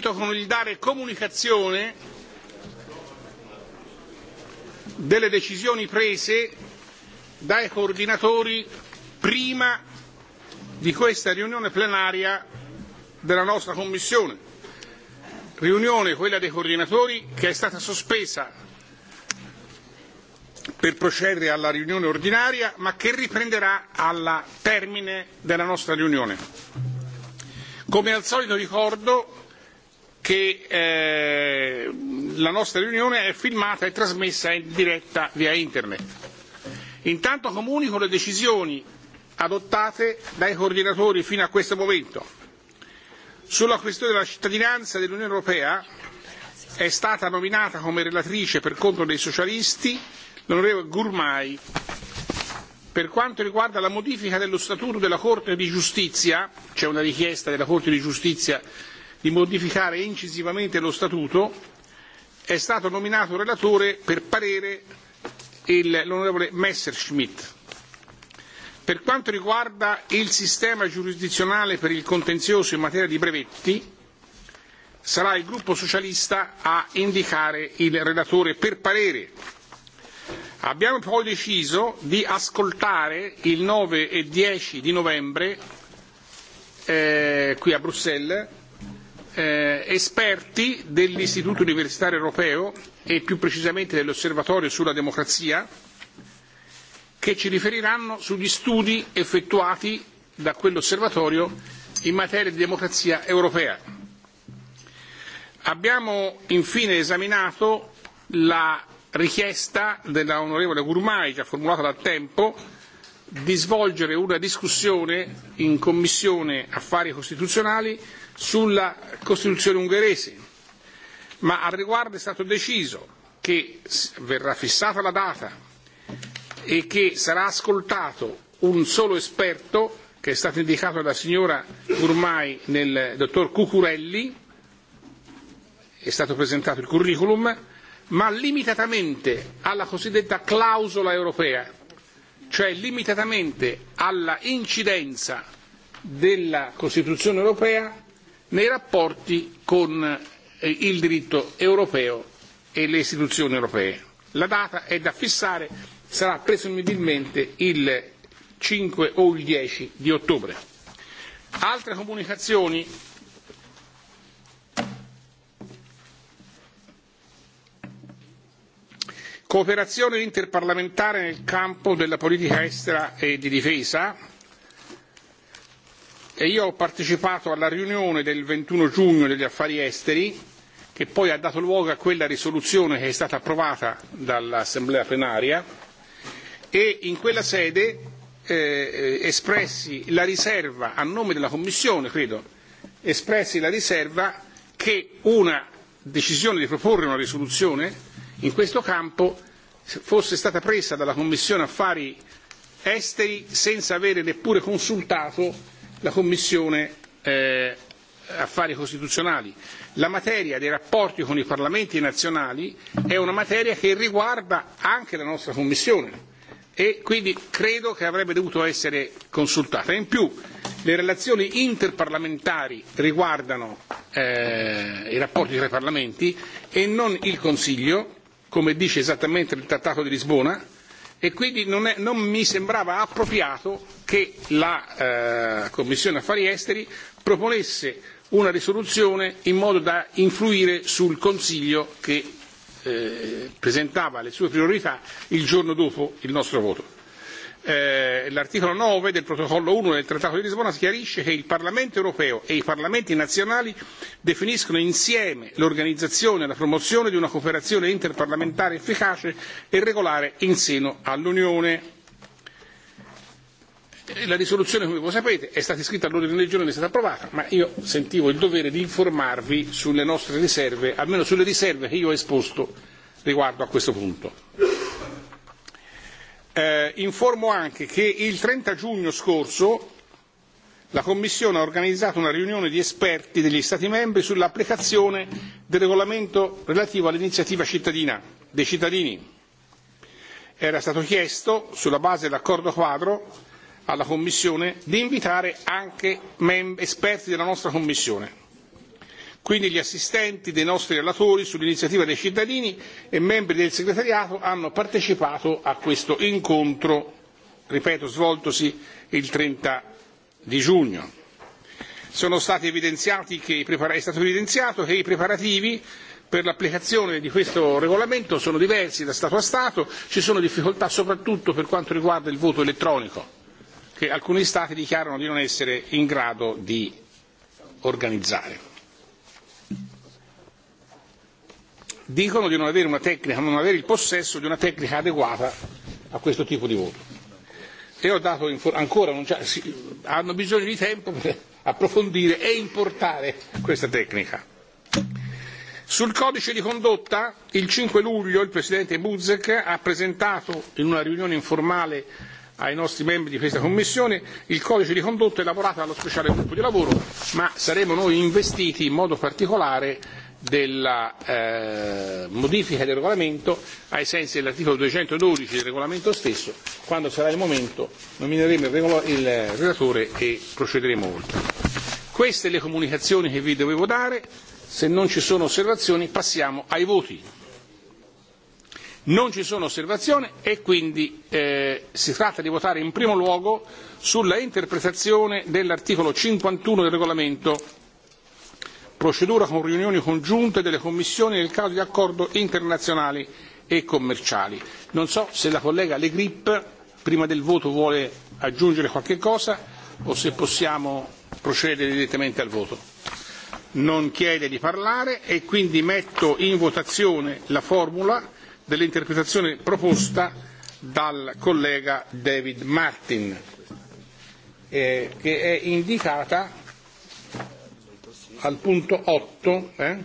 subito con il dare comunicazione delle decisioni prese dai coordinatori prima di questa riunione plenaria della nostra Commissione. Riunione, quella dei coordinatori, che è stata sospesa per procedere alla riunione ordinaria, ma che riprenderà al termine della nostra riunione. Come al solito ricordo che eh, la nostra riunione è filmata e trasmessa in diretta via internet. Intanto comunico le decisioni adottate dai coordinatori fino a questo momento. Sulla questione della cittadinanza dell'Unione Europea è stata nominata come relatrice per conto dei socialisti l'onorevole Gurmai. Per quanto riguarda la modifica dello statuto della Corte di Giustizia, c'è una richiesta della Corte di Giustizia di modificare incisivamente lo Statuto, è stato nominato relatore per parere l'onorevole Messerschmidt. Per quanto riguarda il sistema giurisdizionale per il contenzioso in materia di brevetti, sarà il gruppo socialista a indicare il relatore per parere. Abbiamo poi deciso di ascoltare il 9 e 10 di novembre eh, qui a Bruxelles eh, esperti dell'Istituto Universitario Europeo e più precisamente dell'Osservatorio sulla democrazia che ci riferiranno sugli studi effettuati da quell'osservatorio in materia di democrazia europea. Abbiamo infine esaminato la richiesta dell'onorevole Gurmai, già formulata da tempo, di svolgere una discussione in Commissione Affari Costituzionali sulla Costituzione ungherese, ma al riguardo è stato deciso che verrà fissata la data e che sarà ascoltato un solo esperto che è stato indicato dalla signora Urmai nel dottor Cucurelli, è stato presentato il curriculum, ma limitatamente alla cosiddetta clausola europea, cioè limitatamente alla incidenza della Costituzione europea nei rapporti con eh, il diritto europeo e le istituzioni europee. La data è da fissare, sarà presumibilmente il 5 o il 10 di ottobre. Altre comunicazioni cooperazione interparlamentare nel campo della politica estera e di difesa e io ho partecipato alla riunione del 21 giugno degli affari esteri che poi ha dato luogo a quella risoluzione che è stata approvata dall'assemblea plenaria e in quella sede eh, eh espressi la riserva a nome della commissione credo espressi la riserva che una decisione di proporre una risoluzione in questo campo fosse stata presa dalla Commissione Affari Esteri senza avere neppure consultato la Commissione eh, Affari Costituzionali. La materia dei rapporti con i Parlamenti nazionali è una materia che riguarda anche la nostra Commissione e quindi credo che avrebbe dovuto essere consultata. In più le relazioni interparlamentari riguardano eh, i rapporti tra i Parlamenti e non il Consiglio come dice esattamente il Trattato di Lisbona, e quindi non, è, non mi sembrava appropriato che la eh, Commissione Affari Esteri proponesse una risoluzione in modo da influire sul Consiglio che eh, presentava le sue priorità il giorno dopo il nostro voto eh, l'articolo 9 del protocollo 1 del Trattato di Lisbona chiarisce che il Parlamento europeo e i Parlamenti nazionali definiscono insieme l'organizzazione e la promozione di una cooperazione interparlamentare efficace e regolare in seno all'Unione. Eh, la risoluzione, come voi sapete, è stata iscritta all'ordine del giorno ed è stata approvata, ma io sentivo il dovere di informarvi sulle nostre riserve, almeno sulle riserve che io ho esposto riguardo a questo punto. Eh, informo anche che il 30 giugno scorso la Commissione ha organizzato una riunione di esperti degli Stati membri sull'applicazione del regolamento relativo all'iniziativa cittadina dei cittadini. Era stato chiesto, sulla base dell'accordo quadro, alla Commissione di invitare anche esperti della nostra Commissione quindi gli assistenti dei nostri relatori sull'iniziativa dei cittadini e membri del segretariato hanno partecipato a questo incontro ripeto svoltosi il trenta di giugno. Sono stati evidenziati che, è stato evidenziato che i preparativi per l'applicazione di questo regolamento sono diversi da Stato a Stato, ci sono difficoltà soprattutto per quanto riguarda il voto elettronico, che alcuni Stati dichiarano di non essere in grado di organizzare. dicono di non avere, una tecnica, non avere il possesso di una tecnica adeguata a questo tipo di voto. E ho dato ancora, non c'è, si, hanno bisogno di tempo per approfondire e importare questa tecnica. Sul codice di condotta, il 5 luglio il Presidente Buzek ha presentato in una riunione informale ai nostri membri di questa Commissione il codice di condotta elaborato dallo speciale gruppo di lavoro, ma saremo noi investiti in modo particolare della eh, modifica del regolamento ai sensi dell'articolo 212 del regolamento stesso. Quando sarà il momento nomineremo il, regolo- il relatore e procederemo oltre. Queste le comunicazioni che vi dovevo dare. Se non ci sono osservazioni passiamo ai voti. Non ci sono osservazioni e quindi eh, si tratta di votare in primo luogo sulla interpretazione dell'articolo 51 del regolamento procedura con riunioni congiunte delle commissioni nel caso di accordi internazionali e commerciali. Non so se la collega Le Grip prima del voto vuole aggiungere qualche cosa o se possiamo procedere direttamente al voto. Non chiede di parlare e quindi metto in votazione la formula dell'interpretazione proposta dal collega David Martin, eh, che è indicata al punto 8. Eh?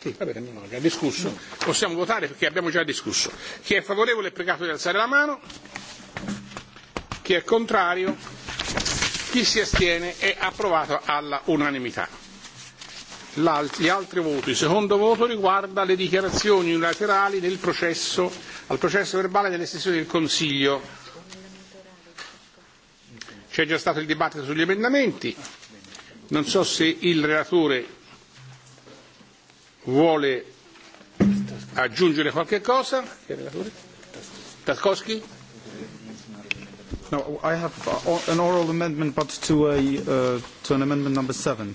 Sì, va bene, non abbiamo discusso. Possiamo votare perché abbiamo già discusso. Chi è favorevole è e pregato di alzare la mano. Chi è contrario? Chi si astiene è approvato alla unanimità. L'alt- gli altri voti. Il secondo voto riguarda le dichiarazioni unilaterali del processo, al processo verbale delle sessioni del Consiglio C'è già stato il dibattito sugli emendamenti. Non so se il relatore vuole aggiungere qualche cosa. Tarkovsky? No, I have uh, an oral amendment, but to, a, uh, to an amendment number seven.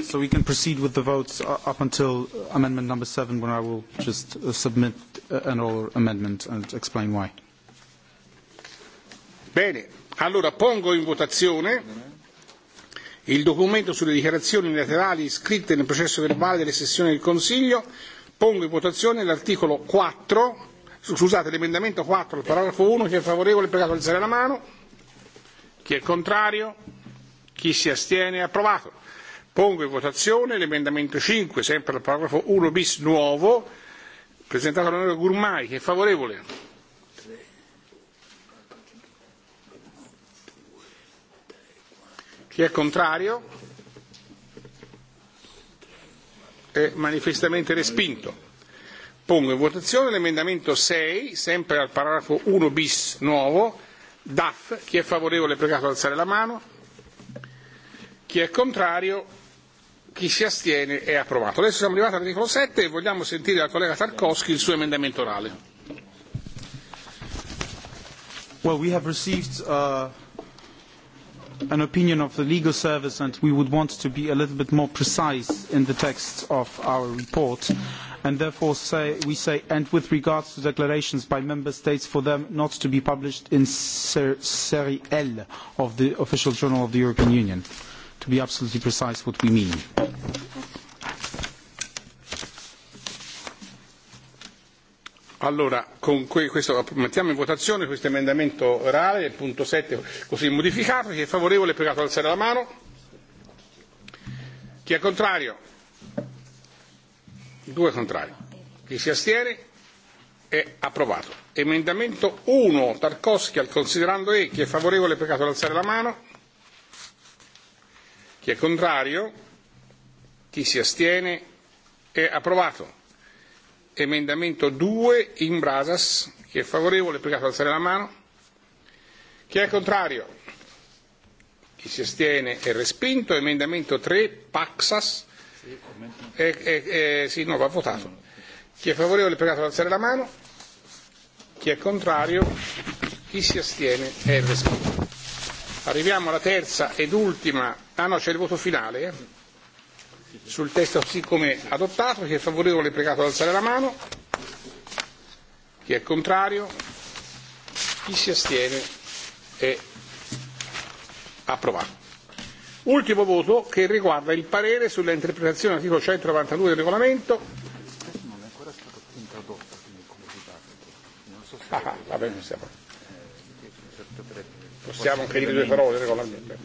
So we can proceed with the votes uh, up until amendment number seven, when I will just uh, submit an oral amendment and explain why. Bene, allora pongo in votazione il documento sulle dichiarazioni unilaterali scritte nel processo verbale delle sessioni del Consiglio. Pongo in votazione l'articolo 4, scusate, l'emendamento 4 al paragrafo 1. Chi è favorevole è pregato di alzare la mano. Chi è contrario? Chi si astiene? È approvato. Pongo in votazione l'emendamento 5, sempre al paragrafo 1 bis nuovo, presentato dall'onorevole Gurmai. Chi è favorevole? Chi è contrario? È manifestamente respinto. Pongo in votazione l'emendamento 6, sempre al paragrafo 1 bis nuovo. DAF, chi è favorevole pregato ad alzare la mano. Chi è contrario? Chi si astiene è approvato. Adesso siamo arrivati all'articolo 7 e vogliamo sentire dal collega Tarkovsky il suo emendamento orale. Well, we have received uh, an opinion of the legal service and we would want to be a little bit more precise in the text of our report and therefore say, we say and with regards to declarations by member states for them not to be published in serie L of the official journal of the European Union to be absolutely precise what we mean. Allora, con questo, mettiamo in votazione questo emendamento orale, punto 7, così modificato. Chi è favorevole è pregato ad alzare la mano. Chi è contrario? Due contrari. Chi si astiene? È approvato. Emendamento 1, Tarkovsky al considerando E. Chi è favorevole è pregato ad alzare la mano. Chi è contrario? Chi si astiene? È approvato Emendamento 2 in Brasas. Chi è favorevole è pregato ad alzare la mano. Chi è contrario? Chi si astiene è respinto. Emendamento 3 Paxas. Eh, eh, eh, sì, no, va votato. Chi è favorevole è pregato ad alzare la mano. Chi è contrario? Chi si astiene è respinto. Arriviamo alla terza ed ultima. Ah no, c'è il voto finale. Eh? sul testo così come adottato. Chi è favorevole è pregato ad alzare la mano. Chi è contrario? Chi si astiene è approvato. Ultimo voto che riguarda il parere sulla interpretazione dell'articolo 192 del regolamento. Ah, va bene, siamo possiamo anche dire due parole regolarmente.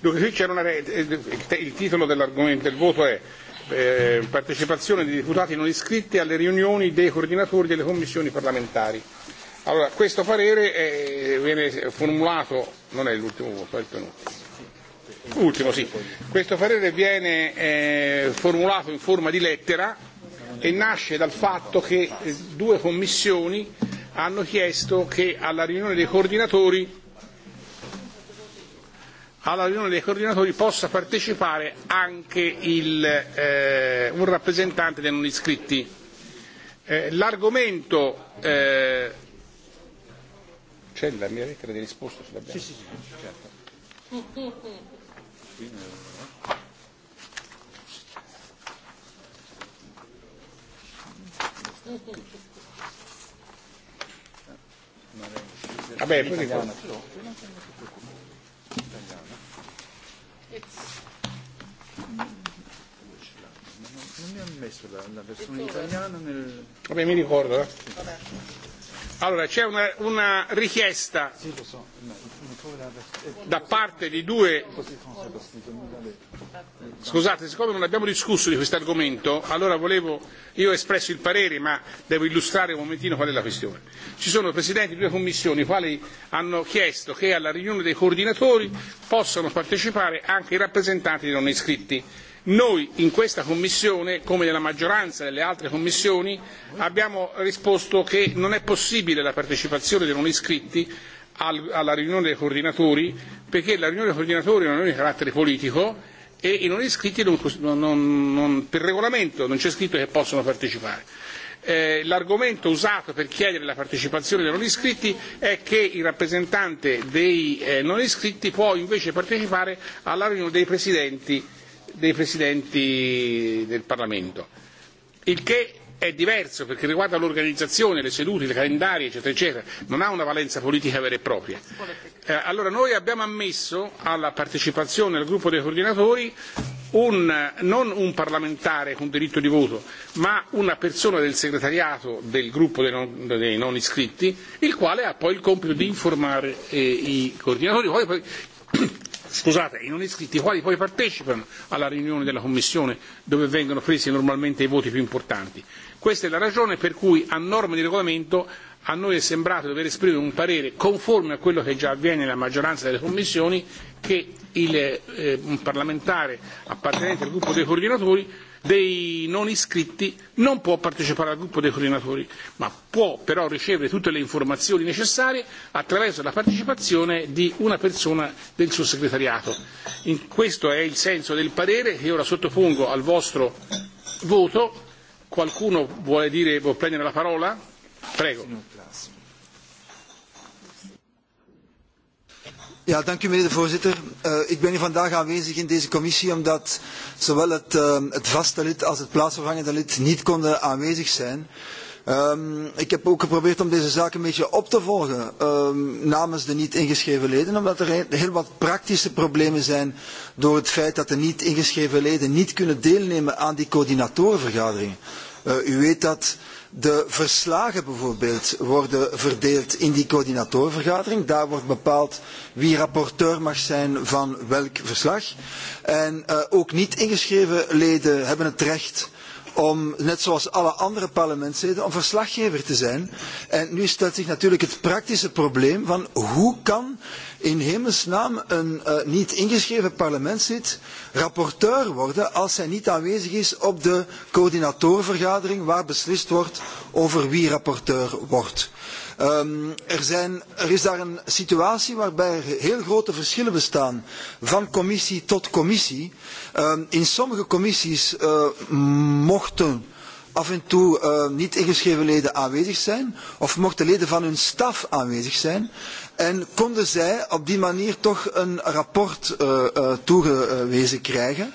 Dunque qui c'era una, eh, il titolo dell'argomento del voto è eh, partecipazione dei deputati non iscritti alle riunioni dei coordinatori delle commissioni parlamentari. Allora, questo parere è, eh, viene formulato, non è l'ultimo voto, è il penultimo. Ultimo, sì. Questo parere viene eh, formulato in forma di lettera e nasce dal fatto che eh, due commissioni hanno chiesto che alla riunione dei coordinatori alla riunione dei coordinatori possa partecipare anche il, eh, un rappresentante dei non iscritti. Eh, l'argomento eh, c'è la mia lettera di risposta Sì, sì, sì. Certo. Vabbè, poi It's... Non mi Vabbè, mi ricordo, eh. Vabbè. Allora c'è una, una richiesta da parte di due. Scusate, siccome non abbiamo discusso di questo argomento, allora volevo. Io ho espresso il parere, ma devo illustrare un momentino qual è la questione. Ci sono presidenti di due commissioni i quali hanno chiesto che alla riunione dei coordinatori possano partecipare anche i rappresentanti dei non iscritti Noi in questa Commissione, come nella maggioranza delle altre Commissioni, abbiamo risposto che non è possibile la partecipazione dei non iscritti alla riunione dei coordinatori, perché la riunione dei coordinatori è una riunione di carattere politico e i non iscritti non, non, non, per regolamento non c'è scritto che possono partecipare. Eh, l'argomento usato per chiedere la partecipazione dei non iscritti è che il rappresentante dei eh, non iscritti può invece partecipare alla riunione dei presidenti dei presidenti del Parlamento, il che è diverso perché riguarda l'organizzazione, le sedute, i calendari, eccetera, eccetera, non ha una valenza politica vera e propria. Eh, allora noi abbiamo ammesso alla partecipazione al gruppo dei coordinatori un, non un parlamentare con diritto di voto, ma una persona del segretariato del gruppo dei non, dei non iscritti, il quale ha poi il compito di informare eh, i coordinatori. Poi, poi scusate, i non iscritti, i quali poi partecipano alla riunione della Commissione dove vengono presi normalmente i voti più importanti. Questa è la ragione per cui a norma di regolamento a noi è sembrato dover esprimere un parere conforme a quello che già avviene nella maggioranza delle commissioni che il, eh, un parlamentare appartenente al gruppo dei coordinatori dei non iscritti non può partecipare al gruppo dei coordinatori, ma può però ricevere tutte le informazioni necessarie attraverso la partecipazione di una persona del suo segretariato. In questo è il senso del parere che ora sottopongo al vostro voto. Qualcuno vuole dire, vuole prendere la parola? Prego. Ja, dank u meneer de voorzitter. Uh, ik ben hier vandaag aanwezig in deze commissie omdat zowel het, uh, het vaste lid als het plaatsvervangende lid niet konden aanwezig zijn. Um, ik heb ook geprobeerd om deze zaak een beetje op te volgen um, namens de niet ingeschreven leden, omdat er heel, wat praktische problemen zijn door het feit dat de niet ingeschreven leden niet kunnen deelnemen aan die coördinatorenvergaderingen. Uh, u weet dat de verslagen bijvoorbeeld worden verdeeld in die coördinatorvergadering. Daar wordt bepaald wie rapporteur mag zijn van welk verslag. En uh, ook niet ingeschreven leden hebben het recht om, net zoals alle andere parlementsleden, om verslaggever te zijn. En nu stelt zich natuurlijk het praktische probleem van hoe kan in hemelsnaam een uh, niet ingeschreven parlementslid rapporteur worden als hij niet aanwezig is op de coördinatorenvergadering waar beslist wordt over wie rapporteur wordt. Um, er, zijn, er is daar een situatie waarbij er heel grote verschillen bestaan van commissie tot commissie. Ehm, in sommige commissies eh, mochten af en toe eh, niet ingeschreven leden aanwezig zijn of mochten leden van hun staf aanwezig zijn en konden zij op die manier toch een rapport eh, toegewezen krijgen.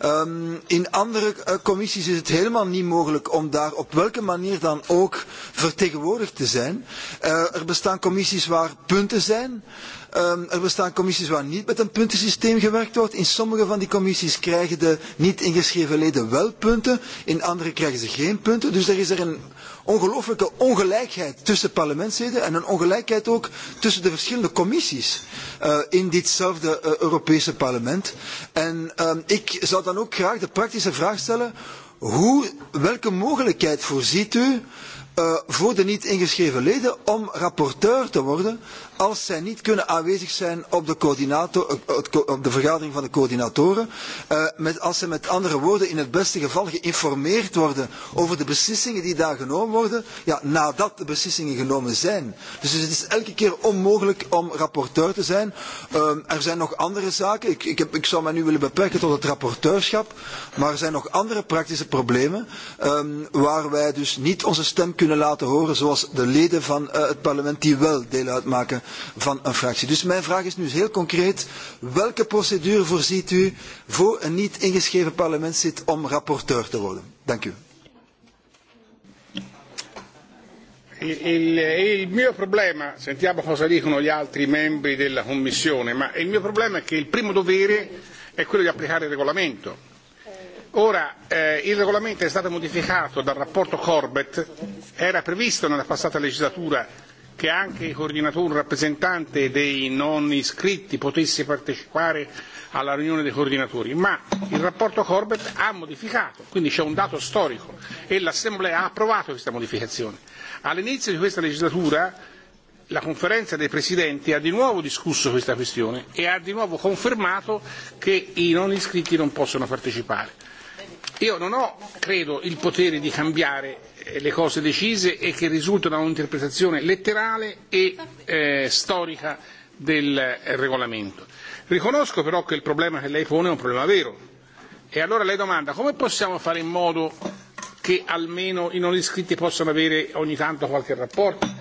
Um, in andere uh, commissies is het helemaal niet mogelijk om daar op welke manier dan ook vertegenwoordigd te zijn. Uh, er bestaan commissies waar punten zijn. Um, er bestaan commissies waar niet met een puntensysteem gewerkt wordt. In sommige van die commissies krijgen de niet ingeschreven leden wel punten. In andere krijgen ze geen punten. Dus er is er een ongelooflijke ongelijkheid tussen parlementsleden en een ongelijkheid ook tussen de verschillende commissies uh, in ditzelfde uh, Europese parlement. En uh, ik zou dan ook graag de praktische vraag stellen, hoe, welke mogelijkheid voorziet u uh, voor de niet ingeschreven leden om rapporteur te worden als zij niet kunnen aanwezig zijn op de, coördinator, eh, op de vergadering van de coördinatoren, uh, met, als zij met andere woorden in het beste geval geïnformeerd worden over de beslissingen die daar genomen worden, ja, nadat de beslissingen genomen zijn. Dus het is elke keer onmogelijk om rapporteur te zijn. Uh, er zijn nog andere zaken. Ik, ik, heb, ik zou mij nu willen beperken tot het rapporteurschap, maar er zijn nog andere praktische problemen uh, waar wij dus niet onze stem kunnen laten horen, zoals de leden van uh, het parlement die wel deel uitmaken van een fractie. Dus mijn vraag is nu heel concreet. Welke procedure voorziet u voor een niet ingeschreven parlementslid om rapporteur te worden? Dank u. Il, il mio problema, sentiamo cosa dicono gli altri membri della Commissione, ma il mio problema è che il primo dovere è quello di applicare il regolamento. Ora, eh, il regolamento è stato modificato dal rapporto Corbett, era previsto nella passata legislatura che anche i coordinatori, un rappresentante dei non iscritti potesse partecipare alla riunione dei coordinatori, ma il rapporto Corbett ha modificato, quindi c'è un dato storico e l'Assemblea ha approvato questa modificazione. All'inizio di questa legislatura la conferenza dei presidenti ha di nuovo discusso questa questione e ha di nuovo confermato che i non iscritti non possono partecipare. Io non ho, credo, il potere di cambiare eh, le cose decise e che risultano da un'interpretazione letterale e eh, storica del eh, regolamento. Riconosco però che il problema che lei pone è un problema vero. E allora lei domanda come possiamo fare in modo che almeno i non iscritti possano avere ogni tanto qualche rapporto?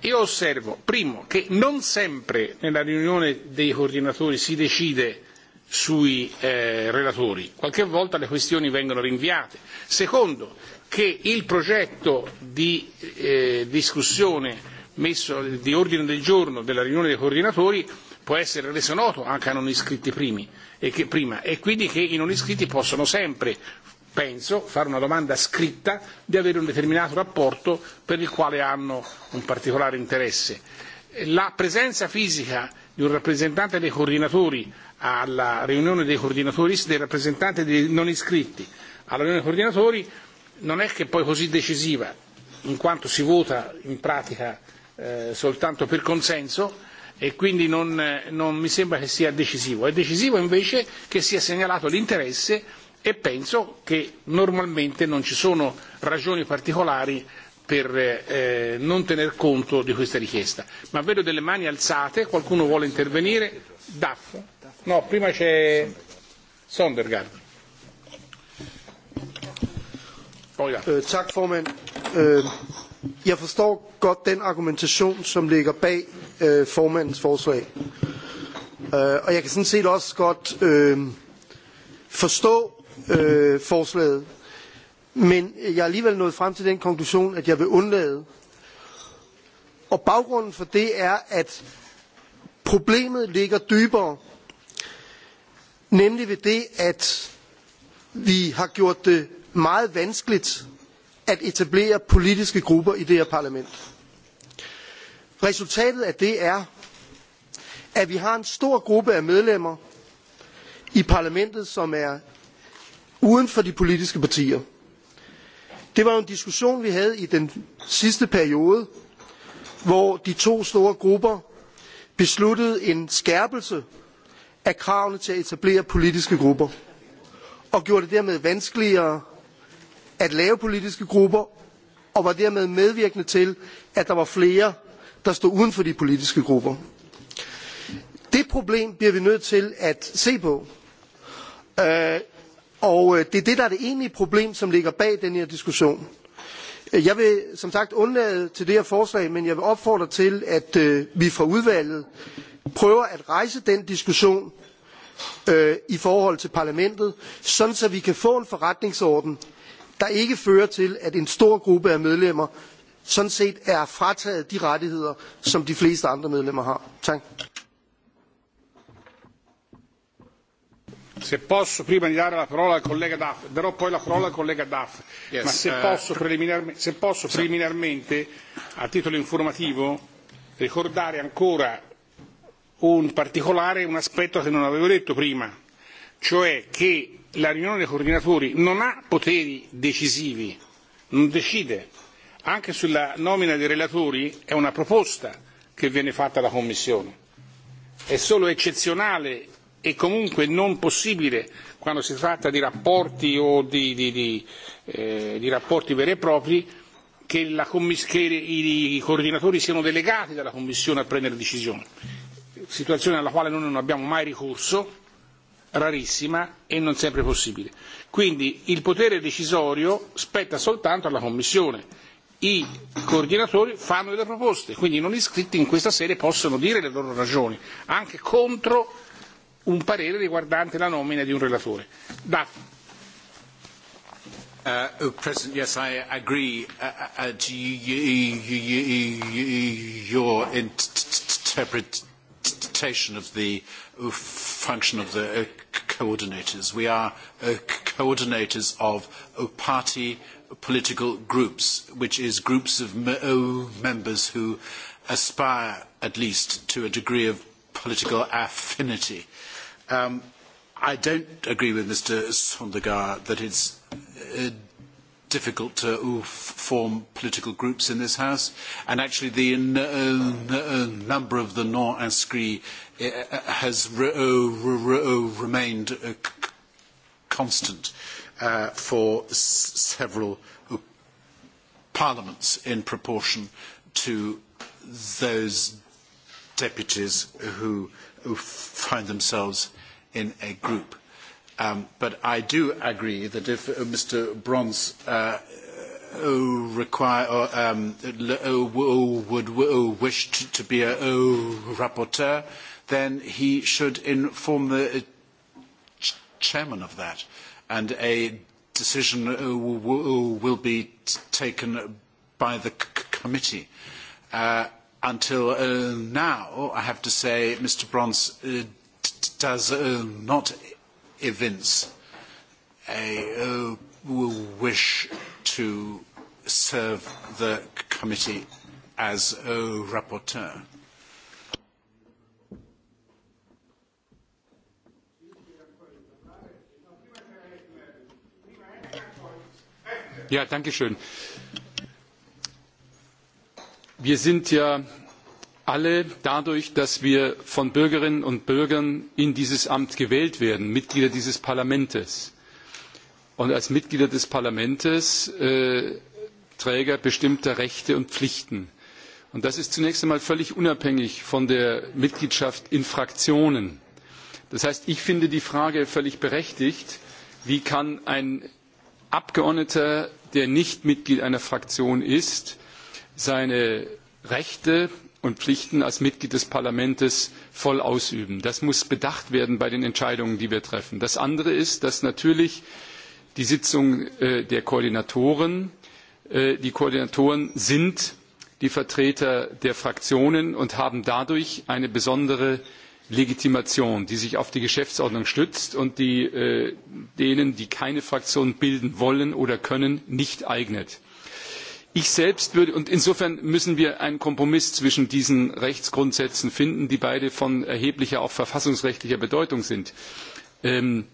Io osservo, primo, che non sempre nella riunione dei coordinatori si decide sui eh, relatori. Qualche volta le questioni vengono rinviate. Secondo, che il progetto di eh, discussione messo di ordine del giorno della riunione dei coordinatori può essere reso noto anche a non iscritti primi, e che, prima e quindi che i non iscritti possono sempre penso, fare una domanda scritta di avere un determinato rapporto per il quale hanno un particolare interesse. La presenza fisica di un rappresentante dei coordinatori alla riunione dei coordinatori, dei rappresentanti dei non iscritti alla riunione dei coordinatori non è che poi così decisiva, in quanto si vota in pratica eh, soltanto per consenso e quindi non, non mi sembra che sia decisivo. È decisivo invece che sia segnalato l'interesse e penso che normalmente non ci sono ragioni particolari per eh, non tener conto di questa richiesta. Ma vedo delle mani alzate, qualcuno vuole intervenire? Daffo. No, prima c'è Sondergaard. Oh, ja. øh, tak formand. Øh, jeg forstår godt den argumentation, som ligger bag øh, formandens forslag. Øh, og jeg kan sådan set også godt øh, forstå øh, forslaget. Men jeg er alligevel nået frem til den konklusion, at jeg vil undlade. Og baggrunden for det er, at problemet ligger dybere nemlig ved det at vi har gjort det meget vanskeligt at etablere politiske grupper i det her parlament. Resultatet af det er, at vi har en stor gruppe af medlemmer i parlamentet, som er uden for de politiske partier. Det var jo en diskussion, vi havde i den sidste periode, hvor de to store grupper besluttede en skærpelse af kravene til at etablere politiske grupper og gjorde det dermed vanskeligere at lave politiske grupper og var dermed medvirkende til at der var flere der stod uden for de politiske grupper. det problem bliver vi nødt til at se på øh, og øh, det er det der er det egentlige problem som ligger bag den her diskussion. jeg vil som sagt undlade til det her forslag men jeg vil opfordre til at øh, vi fra udvalget prøver at rejse den diskussion øh, i forhold til parlamentet sådan så vi kan få en forretningsorden der ikke fører til at en stor gruppe af medlemmer sådan set er frataget de rettigheder som de fleste andre medlemmer har. Tak. se posso prima di dare la parola al collega Duff, darò poi la parola al collega Duff, yes, ma se, uh... posso se posso preliminarmente, a titolo informativo, ricordare ancora un particolare, un aspetto che non avevo detto prima, cioè che la riunione dei coordinatori non ha poteri decisivi, non decide. Anche sulla nomina dei relatori è una proposta che viene fatta alla Commissione. È solo eccezionale e comunque non possibile quando si tratta di rapporti o di, di, di, eh, di rapporti veri e propri che, la che i coordinatori siano delegati dalla Commissione a prendere decisioni situazione alla quale noi non abbiamo mai ricorso, rarissima e non sempre possibile. Quindi il potere decisorio spetta soltanto alla Commissione. I coordinatori fanno delle proposte, quindi i non iscritti in questa sede possono dire le loro ragioni, anche contro un parere riguardante la nomina di un relatore. Da. Uh, oh, President, yes, I agree at uh, uh, your interpretation limitation of the function of the uh, coordinators. We are uh, coordinators of uh, party political groups, which is groups of members who aspire at least to a degree of political affinity. Um, I don't agree with Mr Sondergaard that it's uh, difficult to form political groups in this House, and actually the uh, uh, number of the non-inscrits uh, has re remained constant for several parliaments in proportion to those deputies who find themselves in a group. Um, but I do agree that if uh, Mr. Bronze uh, uh, require or, um, uh, would wish to be a rapporteur, then he should inform the chairman of that, and a decision will be taken by the committee. Uh, until uh, now, I have to say, Mr. Bronze uh, does not evince a wish to serve the committee as a rapporteur. Ja, danke schön. Wir sind ja alle dadurch, dass wir von Bürgerinnen und Bürgern in dieses Amt gewählt werden, Mitglieder dieses Parlaments. Und als Mitglieder des Parlaments äh, Träger bestimmter Rechte und Pflichten. Und das ist zunächst einmal völlig unabhängig von der Mitgliedschaft in Fraktionen. Das heißt, ich finde die Frage völlig berechtigt, wie kann ein Abgeordneter, der nicht Mitglied einer Fraktion ist, seine Rechte und Pflichten als Mitglied des Parlaments voll ausüben. Das muss bedacht werden bei den Entscheidungen, die wir treffen. Das andere ist, dass natürlich die Sitzung äh, der Koordinatoren, äh, die Koordinatoren sind die Vertreter der Fraktionen und haben dadurch eine besondere Legitimation, die sich auf die Geschäftsordnung stützt und die äh, denen, die keine Fraktion bilden wollen oder können, nicht eignet. Ich selbst würde, und insofern müssen wir einen Kompromiss zwischen diesen Rechtsgrundsätzen finden, die beide von erheblicher, auch verfassungsrechtlicher Bedeutung sind. Ähm,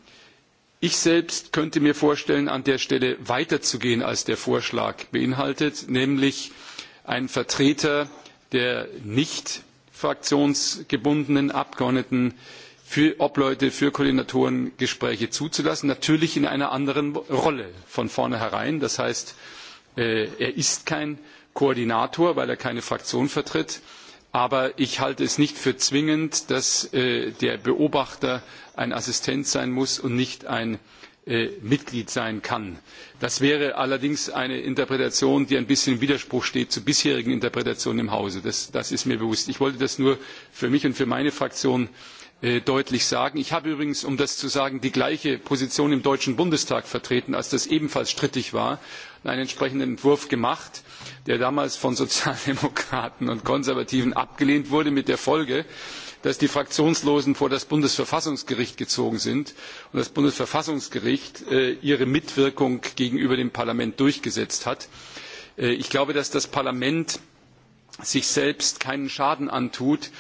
ich selbst könnte mir vorstellen, an der Stelle weiterzugehen, als der Vorschlag beinhaltet, nämlich einen Vertreter der nicht fraktionsgebundenen Abgeordneten für Obleute, für Koordinatoren Gespräche zuzulassen, natürlich in einer anderen Rolle von vornherein. Das heißt, Äh, er ist kein koordinator weil er keine fraktion vertritt aber ich halte es nicht für zwingend dass äh, der beobachter ein assistent sein muss und nicht ein äh, mitglied sein kann. das wäre allerdings eine interpretation die ein bisschen im widerspruch steht zu bisherigen interpretationen im hause das ist mir bewusst. ich wollte das nur für mich und für meine fraktion Äh, deutlich sagen. Ich habe übrigens, um das zu sagen, die gleiche Position im Deutschen Bundestag vertreten, als das ebenfalls strittig war, einen entsprechenden Entwurf gemacht, der damals von Sozialdemokraten und Konservativen abgelehnt wurde, mit der Folge, dass die Fraktionslosen vor das Bundesverfassungsgericht gezogen sind und das Bundesverfassungsgericht äh, ihre Mitwirkung gegenüber dem Parlament durchgesetzt hat. Äh, ich glaube, dass das Parlament sich selbst keinen Schaden antut,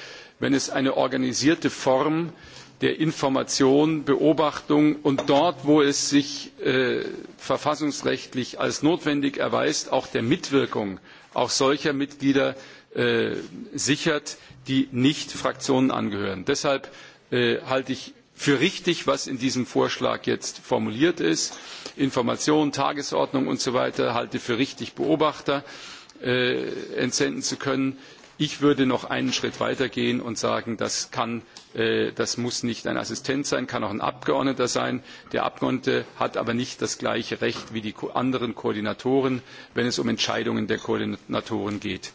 wenn es eine organisierte form der information beobachtung und dort wo es sich äh, verfassungsrechtlich als notwendig erweist auch der mitwirkung auch solcher mitglieder äh, sichert die nicht fraktionen angehören. deshalb äh, halte ich für richtig was in diesem vorschlag jetzt formuliert ist information tagesordnung usw. So halte ich für richtig beobachter äh, entsenden zu können Ich würde noch einen Schritt weiter gehen und sagen, das kann, äh, das muss nicht ein Assistent sein, kann auch ein Abgeordneter sein. Der Abgeordnete hat aber nicht das gleiche Recht wie die anderen Koordinatoren, wenn es um Entscheidungen der Koordinatoren geht.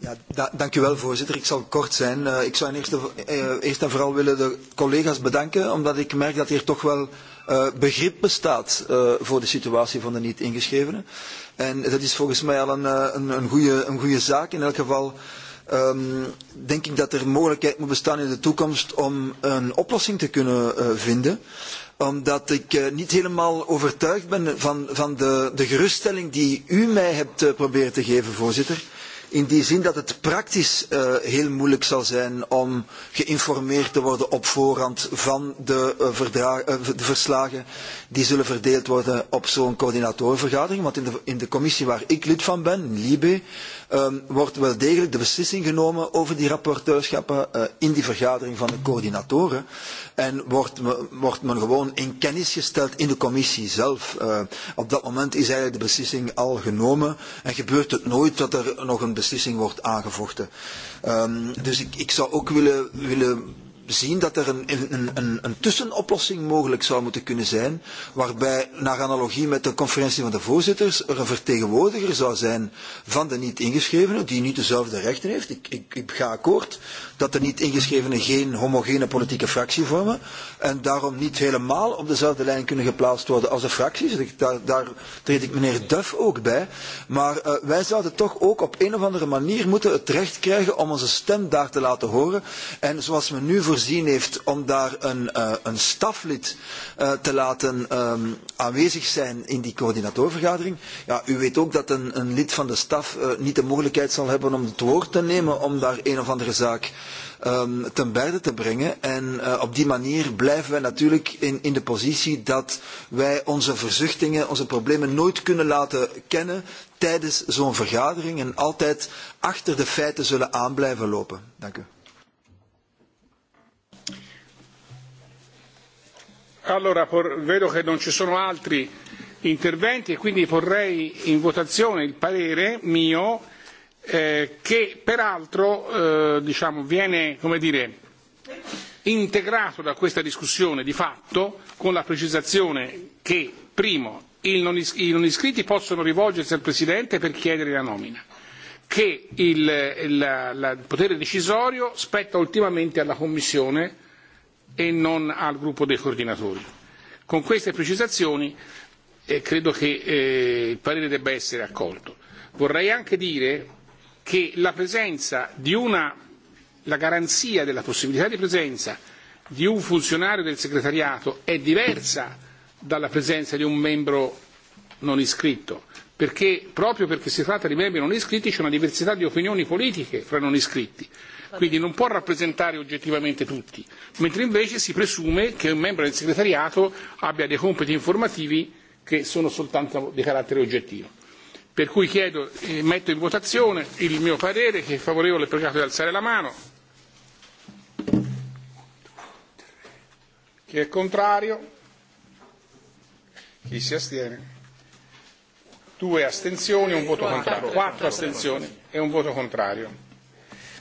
Ja, da, dank u wel, voorzitter. Ik zal kort zijn. Uh, ik zou eerst, uh, eh, eerst en vooral willen de collega's bedanken, omdat ik merk dat hier toch wel uh, begrip bestaat uh, voor de situatie van de niet-ingeschrevenen. En dat is volgens mij al een, een, een, goede, een goede zaak. In elk geval um, denk ik dat er mogelijkheid moet bestaan in de toekomst om een oplossing te kunnen uh, vinden omdat ik niet helemaal overtuigd ben van, van de, de geruststelling die u mij hebt proberen te geven, voorzitter. Uh, In die zin dat het praktisch uh, heel moeilijk zal zijn om geïnformeerd te worden op voorhand van de, uh, uh, de verslagen die zullen verdeeld worden op zo'n coördinatorenvergadering. Want in de, in de commissie waar ik lid van ben, in Libe, uh, wordt wel degelijk de beslissing genomen over die rapporteurschappen uh, in die vergadering van de coördinatoren. En wordt, me, wordt men gewoon in kennis gesteld in de commissie zelf. Uh, op dat moment is eigenlijk de beslissing al genomen en gebeurt het nooit dat er nog een beslissing wordt aangevochten. Um, dus ik, ik zou ook willen, willen zien dat er een, een, een, een tussenoplossing mogelijk zou moeten kunnen zijn, waarbij, naar analogie met de conferentie van de voorzitters, er een vertegenwoordiger zou zijn van de niet-ingeschrevenen, die niet dezelfde rechten heeft. Ik, ik, ik ga akkoord dat de niet-ingeschrevenen geen homogene politieke fractie vormen en daarom niet helemaal op dezelfde lijn kunnen geplaatst worden als de fracties. Daar, daar treed ik meneer Duff ook bij. Maar uh, wij zouden toch ook op een of andere manier moeten het recht krijgen om onze stem daar te laten horen. En zoals we nu voor voorzien heeft om daar een, uh, een staflid uh, te laten um, aanwezig zijn in die coördinatorvergadering. Ja, u weet ook dat een, een lid van de staf uh, niet de mogelijkheid zal hebben om het woord te nemen om daar een of andere zaak um, ten berde te brengen. En uh, op die manier blijven wij natuurlijk in, in de positie dat wij onze verzuchtingen, onze problemen nooit kunnen laten kennen tijdens zo'n vergadering en altijd achter de feiten zullen aanblijven lopen. Dank u. Allora por, vedo che non ci sono altri interventi e quindi porrei in votazione il parere mio eh, che peraltro eh, diciamo, viene come dire, integrato da questa discussione di fatto con la precisazione che primo il non i non iscritti possono rivolgersi al Presidente per chiedere la nomina che il, il, la, la, il potere decisorio spetta ultimamente alla Commissione e non al gruppo dei coordinatori. Con queste precisazioni eh, credo che eh, il parere debba essere accolto. Vorrei anche dire che la presenza di una, la garanzia della possibilità di presenza di un funzionario del segretariato è diversa dalla presenza di un membro non iscritto, perché proprio perché si tratta di membri non iscritti c'è una diversità di opinioni politiche fra non iscritti, quindi non può rappresentare oggettivamente tutti, mentre invece si presume che un membro del segretariato abbia dei compiti informativi che sono soltanto di carattere oggettivo. Per cui chiedo, eh, metto in votazione il mio parere, che è favorevole, e pregato di alzare la mano. Chi è contrario? Chi si astiene? due astensioni, un voto contrario, quattro astensioni e un voto contrario.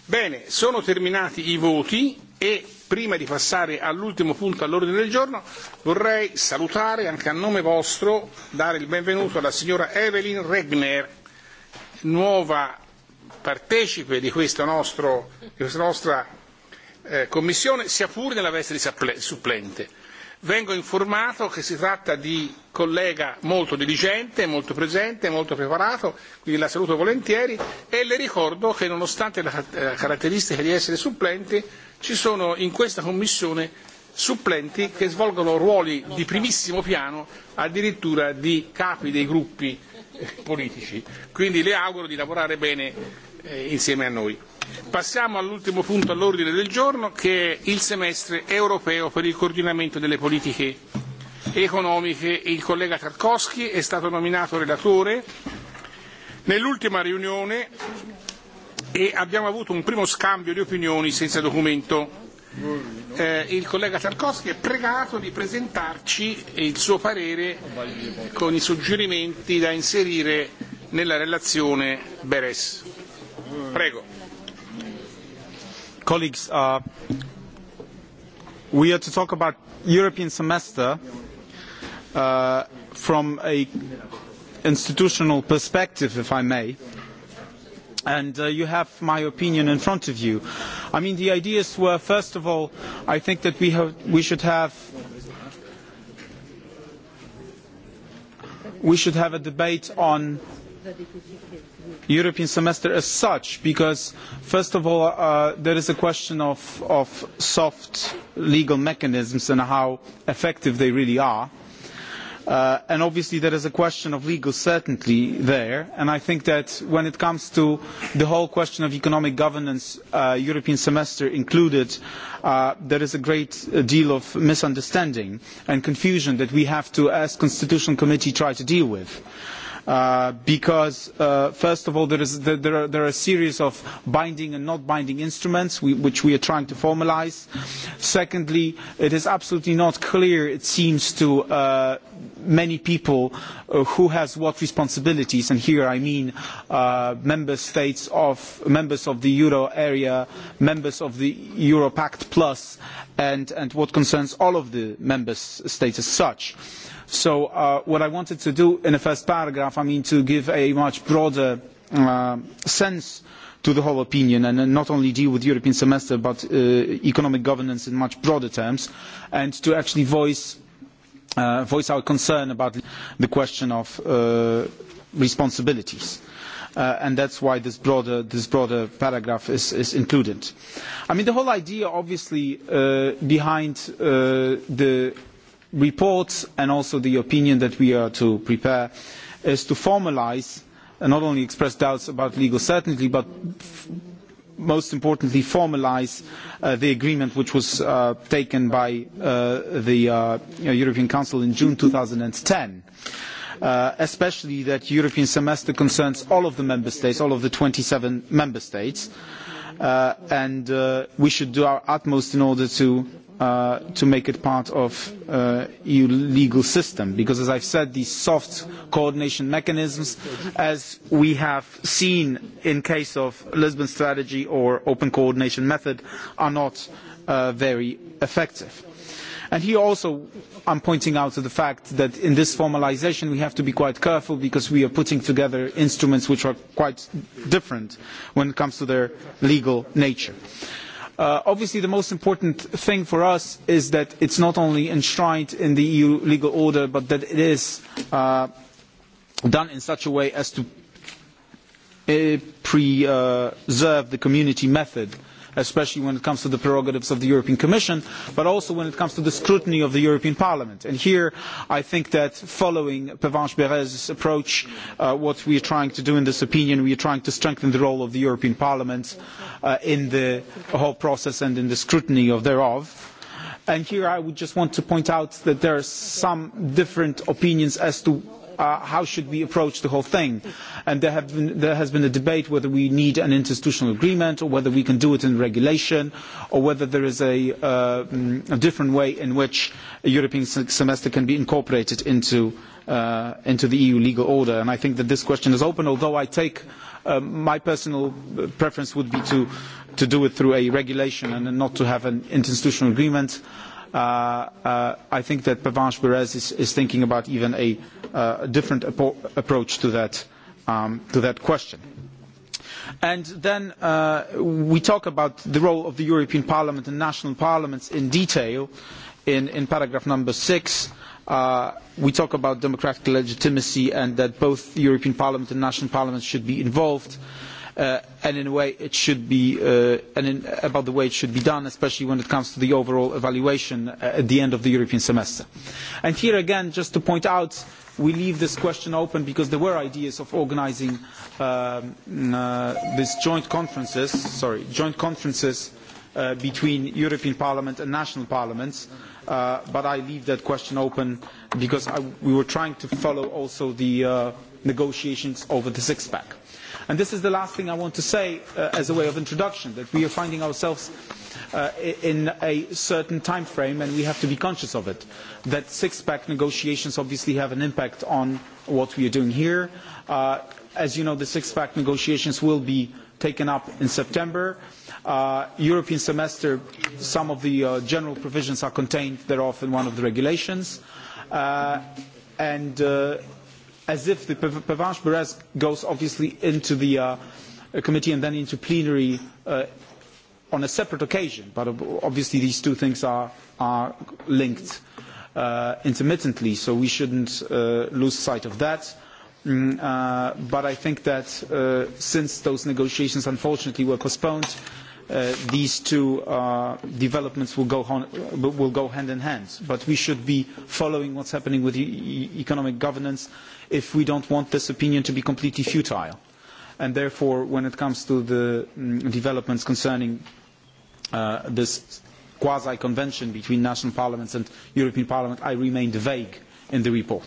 Bene, sono terminati i voti e prima di passare all'ultimo punto all'ordine del giorno vorrei salutare anche a nome vostro, dare il benvenuto alla signora Evelyn Regner, nuova partecipe di questa, nostro, di questa nostra eh, commissione, sia pure nella veste di supplente Vengo informato che si tratta di collega molto diligente, molto presente, molto preparato, quindi la saluto volentieri e le ricordo che nonostante la eh, caratteristica di essere supplente, ci sono in questa commissione supplenti che svolgono ruoli di primissimo piano, addirittura di capi dei gruppi eh, politici. Quindi le auguro di lavorare bene eh, insieme a noi. Passiamo all'ultimo punto all'ordine del giorno che è il semestre europeo per il coordinamento delle politiche economiche. Il collega Tarkovsky è stato nominato relatore nell'ultima riunione e abbiamo avuto un primo scambio di opinioni senza documento. Eh, il collega Tarkovsky è pregato di presentarci il suo parere con i suggerimenti da inserire nella relazione Beres. Prego. Colleagues, uh, we are to talk about European semester uh, from a institutional perspective, if I may. And uh, you have my opinion in front of you. I mean, the ideas were, first of all, I think that we, have, we should have we should have a debate on European semester as such, because first of all, uh, there is a question of, of soft legal mechanisms and how effective they really are. Uh, and obviously there is a question of legal certainty there and i think that when it comes to the whole question of economic governance uh, european semester included uh, there is a great uh, deal of misunderstanding and confusion that we have to as constitutional committee try to deal with. Uh, Uh, because uh, first of all there, is, there, are, there, are, a series of binding and not binding instruments we, which we are trying to formalize. Secondly, it is absolutely not clear, it seems to uh, many people, uh, who has what responsibilities, and here I mean uh, member states of, members of the euro area, members of the Euro Pact Plus, and, and what concerns all of the member states as such. Uh, So uh, what I wanted to do in the first paragraph, I mean to give a much broader uh, sense to the whole opinion and uh, not only deal with European semester but economic governance in much broader terms and to actually voice, our concern about the question of responsibilities. and that's why this broader, paragraph is, included. I mean, the whole idea, obviously, behind the report and also the opinion that we are to prepare is to formalise and not only express doubts about legal certainty but most importantly formalise uh, the agreement which was uh, taken by uh, the uh, European Council in June 2010. Uh, especially that European semester concerns all of the member states, all of the 27 member states, uh, and uh, we should do our utmost in order to Uh, to make it part of uh, EU legal system. Because as I've said, these soft coordination mechanisms, as we have seen in case of Lisbon strategy or open coordination method, are not uh, very effective. And here also I'm pointing out to the fact that in this formalization we have to be quite careful because we are putting together instruments which are quite different when it comes to their legal nature. Uh, Uh, obviously, the most important thing for us is that it's not only enshrined in the EU legal order, but that it is uh, done in such a way as to uh, preserve the community method especially when it comes to the prerogatives of the European Commission, but also when it comes to the scrutiny of the European Parliament. And here, I think that following Pervenche Berez's approach, uh, what we are trying to do in this opinion, we are trying to strengthen the role of the European Parliament uh, in the whole process and in the scrutiny of thereof. And here I would just want to point out that there are some different opinions as to uh, how should we approach the whole thing? And there, have been, there has been a debate whether we need an institutional agreement or whether we can do it in regulation or whether there is a, uh, mm, a different way in which a European semester can be incorporated into, uh, into the EU legal order. And I think that this question is open, although I take um, my personal preference would be to, to do it through a regulation and not to have an institutional agreement. Uh, uh, I think that Pavanche Perez is, is thinking about even a uh, different approach to that, um, to that question. And then uh, we talk about the role of the European Parliament and national parliaments in detail in, in paragraph number six. Uh, we talk about democratic legitimacy and that both the European Parliament and national parliaments should be involved. Uh, and in a way it should be uh, and in, about the way it should be done, especially when it comes to the overall evaluation uh, at the end of the European semester. And here again, just to point out we leave this question open because there were ideas of organizing uh, uh, these joint conferences, sorry, joint conferences uh, between European Parliament and national parliaments, uh, but I leave that question open because I, we were trying to follow also the uh, negotiations over the six-pack. And this is the last thing I want to say uh, as a way of introduction, that we are finding ourselves uh, in a certain time frame, and we have to be conscious of it. That six-pack negotiations obviously have an impact on what we are doing here. Uh, as you know, the six-pack negotiations will be taken up in September. Uh, European semester, some of the uh, general provisions are contained thereof in one of the regulations. Uh, and as if the Pervenche Perez goes obviously into the committee and then into plenary on a separate occasion, but obviously these two things are, are linked uh, intermittently, so we shouldn't uh, lose sight of that. Mm, uh, but I think that uh, since those negotiations unfortunately were postponed, uh, these two uh, developments will go, on, will go, hand in hand. But we should be following what's happening with e, e economic governance if we don't want this opinion to be completely futile and therefore when it comes to the mm, developments concerning Uh, this quasi-convention between national parliaments and European Parliament, I remained vague in the report.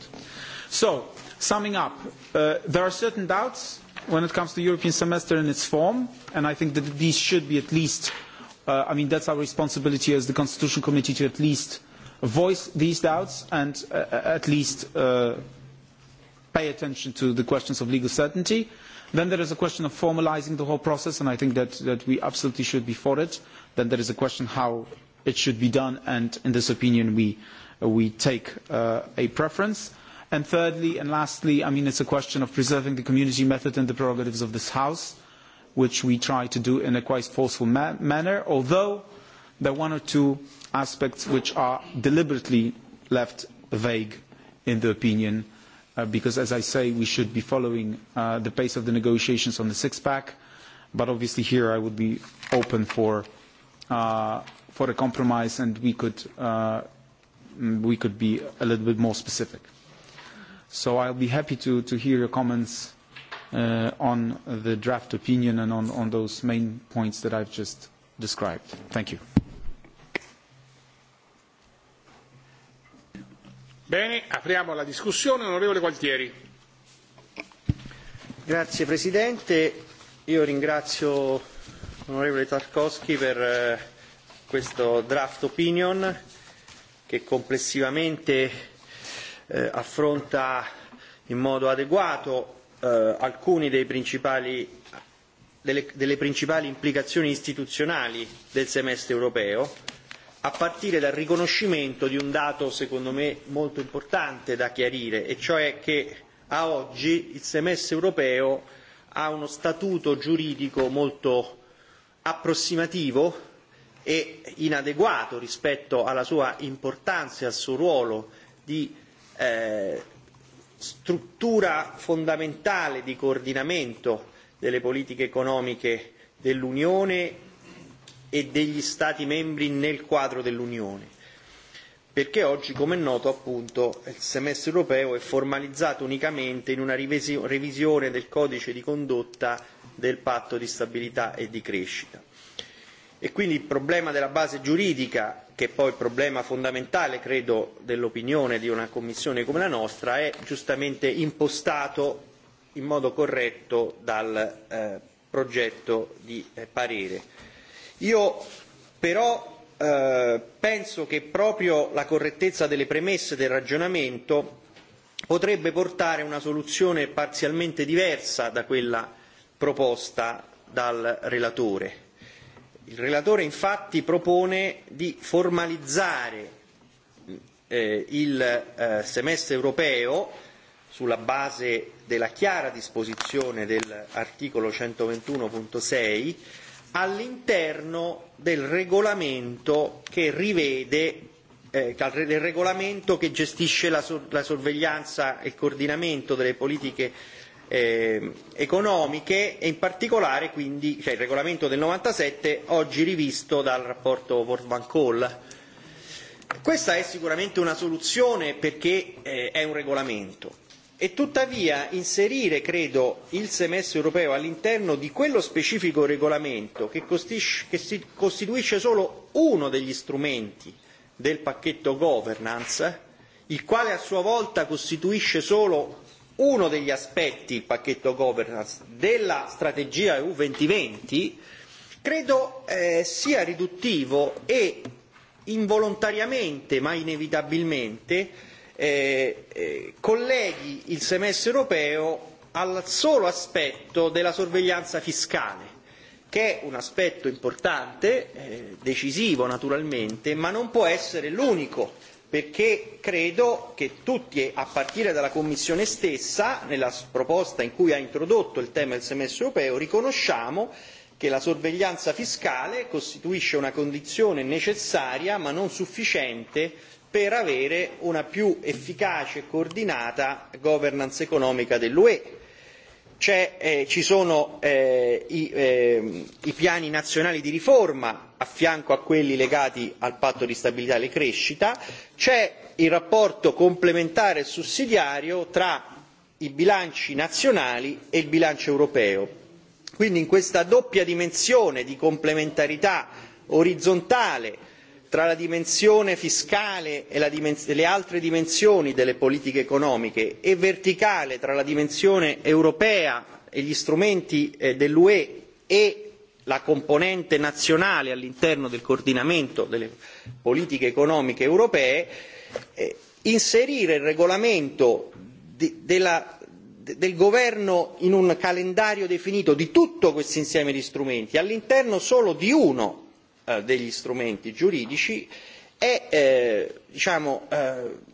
So, summing up, uh, there are certain doubts when it comes to European semester in its form, and I think that these should be at least, uh, I mean, that's our responsibility as the Constitution Committee to at least voice these doubts and uh, at least uh, pay attention to the questions of legal certainty. Then there is a question of formalizing the whole process, and I think that, that we absolutely should be for it. Then there is a question how it should be done, and in this opinion, we, we take uh, a preference. And thirdly and lastly, I mean, it's a question of preserving the community method and the prerogatives of this House, which we try to do in a quite forceful ma manner, although there are one or two aspects which are deliberately left vague in the opinion Uh, because, as I say, we should be following uh, the pace of the negotiations on the six-pack. But obviously here I would be open for, uh, for a compromise and we could, uh, mm, we could be a little bit more specific. So I'll be happy to, to hear your comments uh, on the draft opinion and on, on those main points that I've just described. Thank you. signor Presidente. Io ringrazio l'onorevole Tarkovsky per eh, questo draft opinion che complessivamente eh, affronta in modo adeguato eh, alcune delle principali implicazioni istituzionali del semestre europeo a partire dal riconoscimento di un dato secondo me molto importante da chiarire e cioè che a oggi il semestre europeo ha uno statuto giuridico molto approssimativo e inadeguato rispetto alla sua importanza e al suo ruolo di eh, struttura fondamentale di coordinamento delle politiche economiche dell'Unione e degli Stati membri nel quadro dell'Unione. Perché oggi, come è noto, appunto, il semestre europeo è formalizzato unicamente in una revisione del codice di condotta del patto di stabilità e di crescita. E quindi il problema della base giuridica, che è poi il problema fondamentale, credo, dell'opinione di una commissione come la nostra, è giustamente impostato in modo corretto dal eh, progetto di eh, parere Io però eh, penso che proprio la correttezza delle premesse del ragionamento potrebbe portare a una soluzione parzialmente diversa da quella proposta dal relatore. Il relatore infatti propone di formalizzare eh, il eh, semestre europeo sulla base della chiara disposizione dell'articolo 121.6 all'interno del regolamento che rivede eh, del regolamento che gestisce la, so, la sorveglianza e il coordinamento delle politiche eh, economiche e in particolare quindi cioè il regolamento del 97 oggi rivisto dal rapporto Wortmann Kohl. Questa è sicuramente una soluzione perché eh, è un regolamento e tuttavia inserire credo il semestre europeo all'interno di quello specifico regolamento che costituisce solo uno degli strumenti del pacchetto governance il quale a sua volta costituisce solo uno degli aspetti il pacchetto governance della strategia EU 2020 credo eh, sia riduttivo e involontariamente ma inevitabilmente Eh, eh, colleghi il semestre europeo al solo aspetto della sorveglianza fiscale che è un aspetto importante, eh, decisivo naturalmente, ma non può essere l'unico, perché credo che tutti, e a partire dalla Commissione stessa, nella proposta in cui ha introdotto il tema del semestre europeo, riconosciamo che la sorveglianza fiscale costituisce una condizione necessaria ma non sufficiente per avere una più efficace e coordinata governance economica dell'ue. C'è, eh, ci sono eh, i, eh, i piani nazionali di riforma a fianco a quelli legati al patto di stabilità e crescita, c'è il rapporto complementare e sussidiario tra i bilanci nazionali e il bilancio europeo. Quindi in questa doppia dimensione di complementarità orizzontale tra la dimensione fiscale e le altre dimensioni delle politiche economiche e verticale tra la dimensione europea e gli strumenti eh, dell'ue e la componente nazionale all'interno del coordinamento delle politiche economiche europee eh, inserire il regolamento del governo in un calendario definito di tutto questo insieme di strumenti all'interno solo di uno Eh, degli strumenti giuridici è e, eh, diciamo, eh,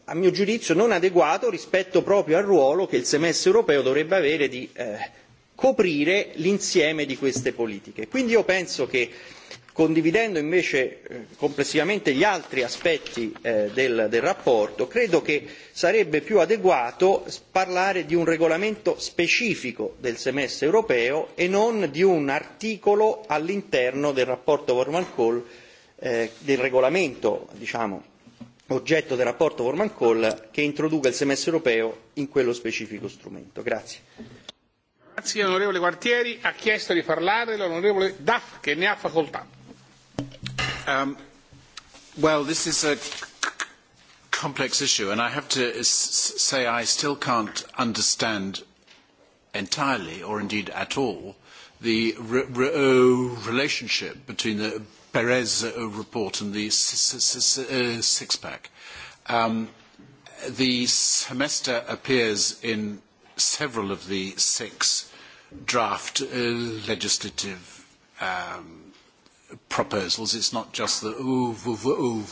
a mio giudizio non adeguato rispetto proprio al ruolo che il semestre europeo dovrebbe avere di eh, coprire l'insieme di queste politiche. Quindi io penso che condividendo invece eh, complessivamente gli altri aspetti eh, del, del rapporto, credo che sarebbe più adeguato parlare di un regolamento specifico del semestre europeo e non di un articolo all'interno del rapporto Vorman Call, eh, del regolamento diciamo, oggetto del rapporto Vorman Call che introduca il semestre europeo in quello specifico strumento. Grazie. Grazie onorevole Gualtieri, ha chiesto di parlare l'onorevole Duff che ne ha facoltà. Um, well, this is a complex issue, and I have to say I still can't understand entirely, or indeed at all, the re re uh, relationship between the Perez uh, report and the uh, six-pack. Um, the semester appears in several of the six draft uh, legislative um, proposals. It's not just the ooh, ooh,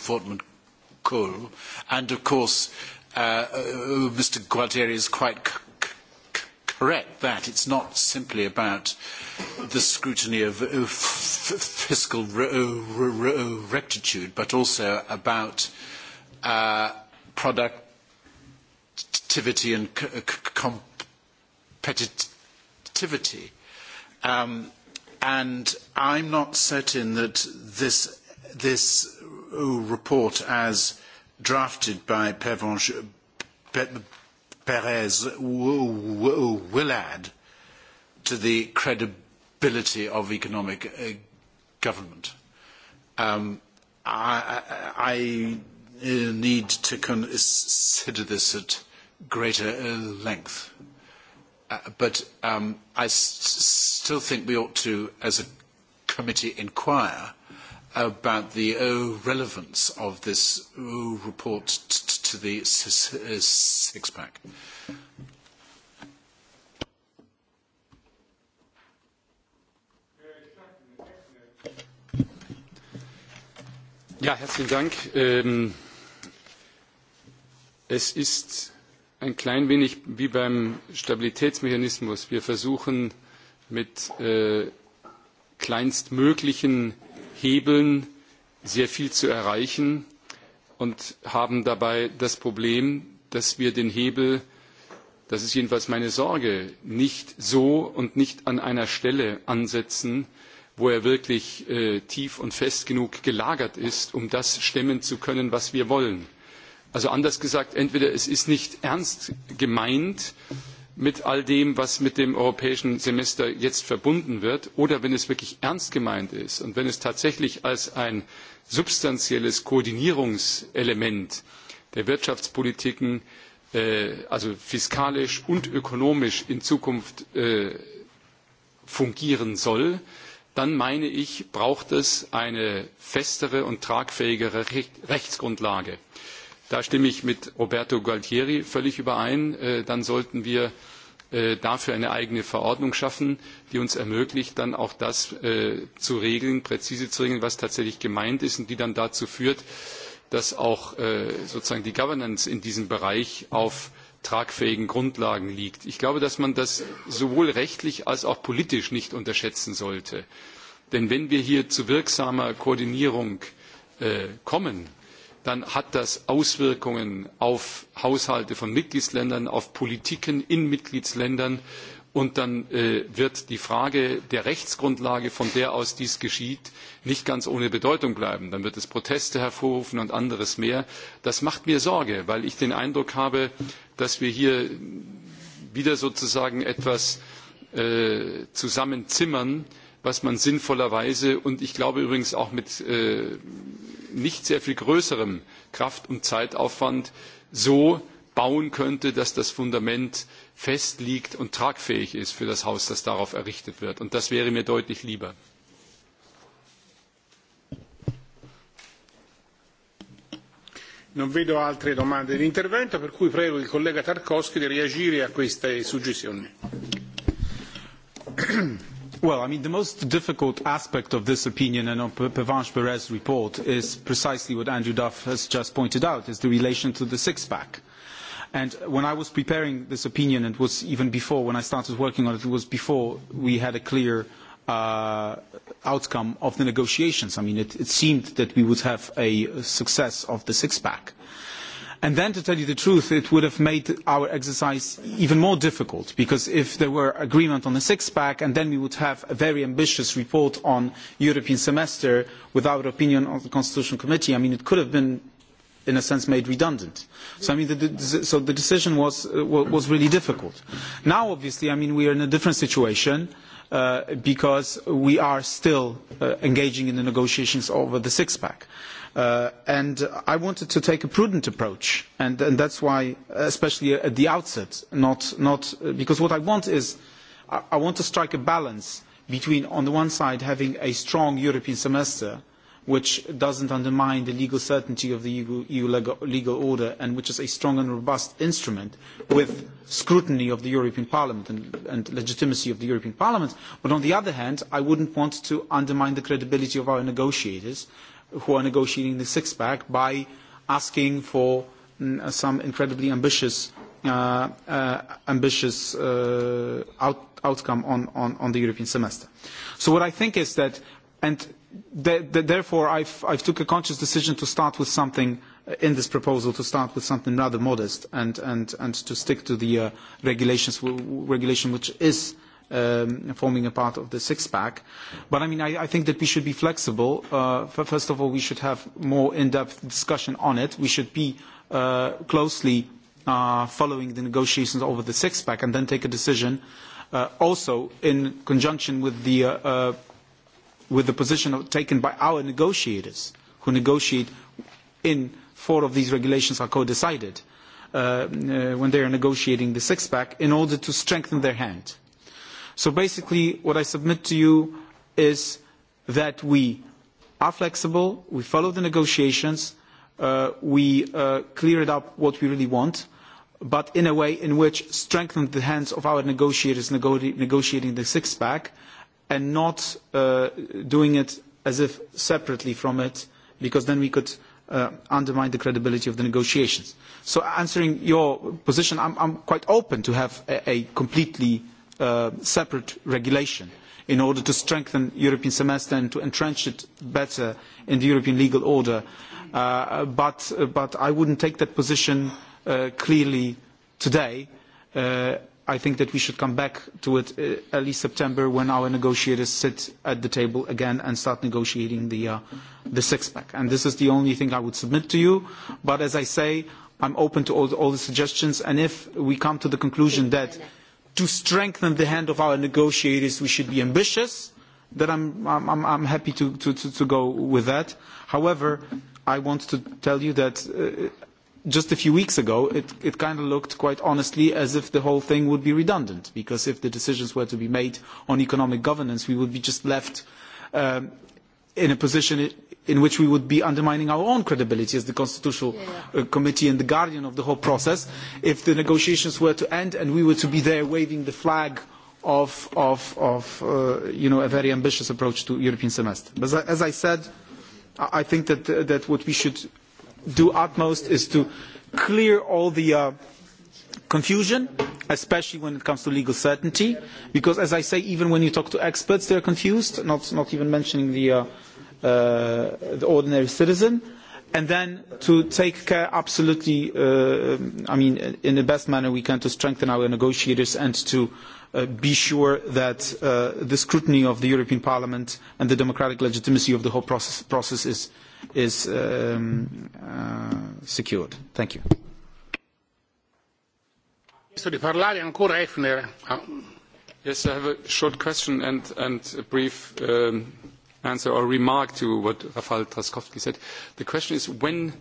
And of course, uh, uh Mr. Gualtieri is quite correct that it's not simply about the scrutiny of fiscal rectitude, but also about uh, productivity and competitivity. Um, and I'm not certain that this, this report as drafted by Pervenche, Perez will add to the credibility of economic uh, government. Um, I, I, need to consider this at greater uh, length. Uh, but um, I s- still think we ought to, as a committee, inquire about the uh, relevance of this uh, report to the six-pack. Ja, herzlichen Dank. Ähm, es ist ein klein wenig wie beim Stabilitätsmechanismus. Wir versuchen mit äh, kleinstmöglichen Hebeln sehr viel zu erreichen und haben dabei das Problem, dass wir den Hebel, das ist jedenfalls meine Sorge, nicht so und nicht an einer Stelle ansetzen, wo er wirklich äh, tief und fest genug gelagert ist, um das stemmen zu können, was wir wollen. Also anders gesagt, entweder es ist nicht ernst gemeint mit all dem, was mit dem europäischen Semester jetzt verbunden wird, oder wenn es wirklich ernst gemeint ist und wenn es tatsächlich als ein substanzielles Koordinierungselement der Wirtschaftspolitiken, äh, also fiskalisch und ökonomisch in Zukunft äh, fungieren soll, dann meine ich, braucht es eine festere und tragfähigere Rechtsgrundlage. Da stimme ich mit Roberto Gualtieri völlig überein. Äh, dann sollten wir äh, dafür eine eigene Verordnung schaffen, die uns ermöglicht, dann auch das äh, zu regeln, präzise zu regeln, was tatsächlich gemeint ist und die dann dazu führt, dass auch sozusagen die Governance in diesem Bereich auf tragfähigen Grundlagen liegt. Ich glaube, dass man das sowohl rechtlich als auch politisch nicht unterschätzen sollte. Denn wenn wir hier zu wirksamer Koordinierung kommen, dann hat das Auswirkungen auf Haushalte von Mitgliedsländern, auf Politiken in Mitgliedsländern. Und dann äh, wird die Frage der Rechtsgrundlage, von der aus dies geschieht, nicht ganz ohne Bedeutung bleiben. Dann wird es Proteste hervorrufen und anderes mehr. Das macht mir Sorge, weil ich den Eindruck habe, dass wir hier wieder sozusagen etwas äh, zusammenzimmern, äh, was man sinnvollerweise und ich glaube übrigens auch mit äh, nicht sehr viel größerem Kraft- und Zeitaufwand so bauen könnte, dass das Fundament fest liegt und tragfähig ist für das Haus, das darauf errichtet wird. Und das wäre mir deutlich lieber. Non vedo altre domande di intervento, per cui prego il collega Tarkovsky di reagire a queste suggestioni. Well, I mean, the most difficult aspect of this opinion and of Pavanche Perez's report is precisely what Andrew Duff has just pointed out, is the relation to the six-pack. And when I was preparing this opinion, it was even before, when I started working on it, it was before we had a clear uh, outcome of the negotiations. I mean, it, it seemed that we would have a success of the six-pack. Uh, And then, to tell you the truth, it would have made our exercise even more difficult, because if there were agreement on the six-pack, and then we would have a very ambitious report on European semester without opinion of the Constitutional Committee, I mean, it could have been in a sense made redundant. So I mean, the, so the decision was, uh, was really difficult. Now, obviously, I mean, we are in a different situation. Uh, Uh, because we are still uh, engaging in the negotiations over the six-pack. Uh, and I wanted to take a prudent approach, and, and that's why, especially at the outset, not, not because what I want is, I, want to strike a balance between, on the one side, having a strong European semester, which doesn't undermine the legal certainty of the EU, EU legal, legal order and which is a strong and robust instrument with scrutiny of the European Parliament and, and legitimacy of the European Parliament. But on the other hand, I wouldn't want to undermine the credibility of our negotiators who are negotiating the six-pack by asking for mm, uh, some incredibly ambitious, uh, uh, ambitious uh, out, outcome on, on, on the European semester. So what I think is that, and therefore, I've, I've took a conscious decision to start with something uh, in this proposal to start with something rather modest and, and, and to stick to the uh, regulations, regulation which is um, forming a part of the six-pack. But I mean, I, I think that we should be flexible. Uh, first of all, we should have more in-depth discussion on it. We should be uh, closely uh, following the negotiations over the six-pack and then take a decision uh, also in conjunction with the uh, uh, with the position of, taken by our negotiators who negotiate in four of these regulations are co-decided uh, uh, when they are negotiating the six-pack in order to strengthen their hand. So basically what I submit to you is that we are flexible, we follow the negotiations, uh, we uh, clear it up what we really want, but in a way in which strengthens the hands of our negotiators nego negotiating the six-pack uh, and not uh, doing it as if separately from it, because then we could uh, undermine the credibility of the negotiations. So answering your position, I'm, I'm quite open to have a, a completely uh, separate regulation in order to strengthen European semester and to entrench it better in the European legal order. Uh, but, uh, but I wouldn't take that position uh, clearly today. Uh, I think that we should come back to it uh, at least September when our negotiators sit at the table again and start negotiating the, uh, the six-pack. And this is the only thing I would submit to you. But as I say, I'm open to all the, all the suggestions. And if we come to the conclusion that to strengthen the hand of our negotiators, we should be ambitious, then I'm, I'm, I'm happy to, to, to, to go with that. However, I want to tell you that uh, just a few weeks ago, it, it kind of looked quite honestly as if the whole thing would be redundant, because if the decisions were to be made on economic governance, we would be just left um, in a position in which we would be undermining our own credibility as the constitutional yeah. uh, committee and the guardian of the whole process if the negotiations were to end and we were to be there waving the flag of, of, of uh, you know, a very ambitious approach to European semester. But as I, as I said, I think that, that what we should do utmost is to clear all the uh, confusion, especially when it comes to legal certainty, because as I say, even when you talk to experts, they are confused, not, not even mentioning the, uh, uh, the ordinary citizen. And then to take care absolutely, uh, I mean, in the best manner we can to strengthen our negotiators and to Uh, be sure that uh, the scrutiny of the European Parliament and the democratic legitimacy of the whole process, process is, is um, uh, secured. Thank you. Yes, I have a short question and, and a brief um, answer or remark to what Rafael Trzaskowski said. The question is, when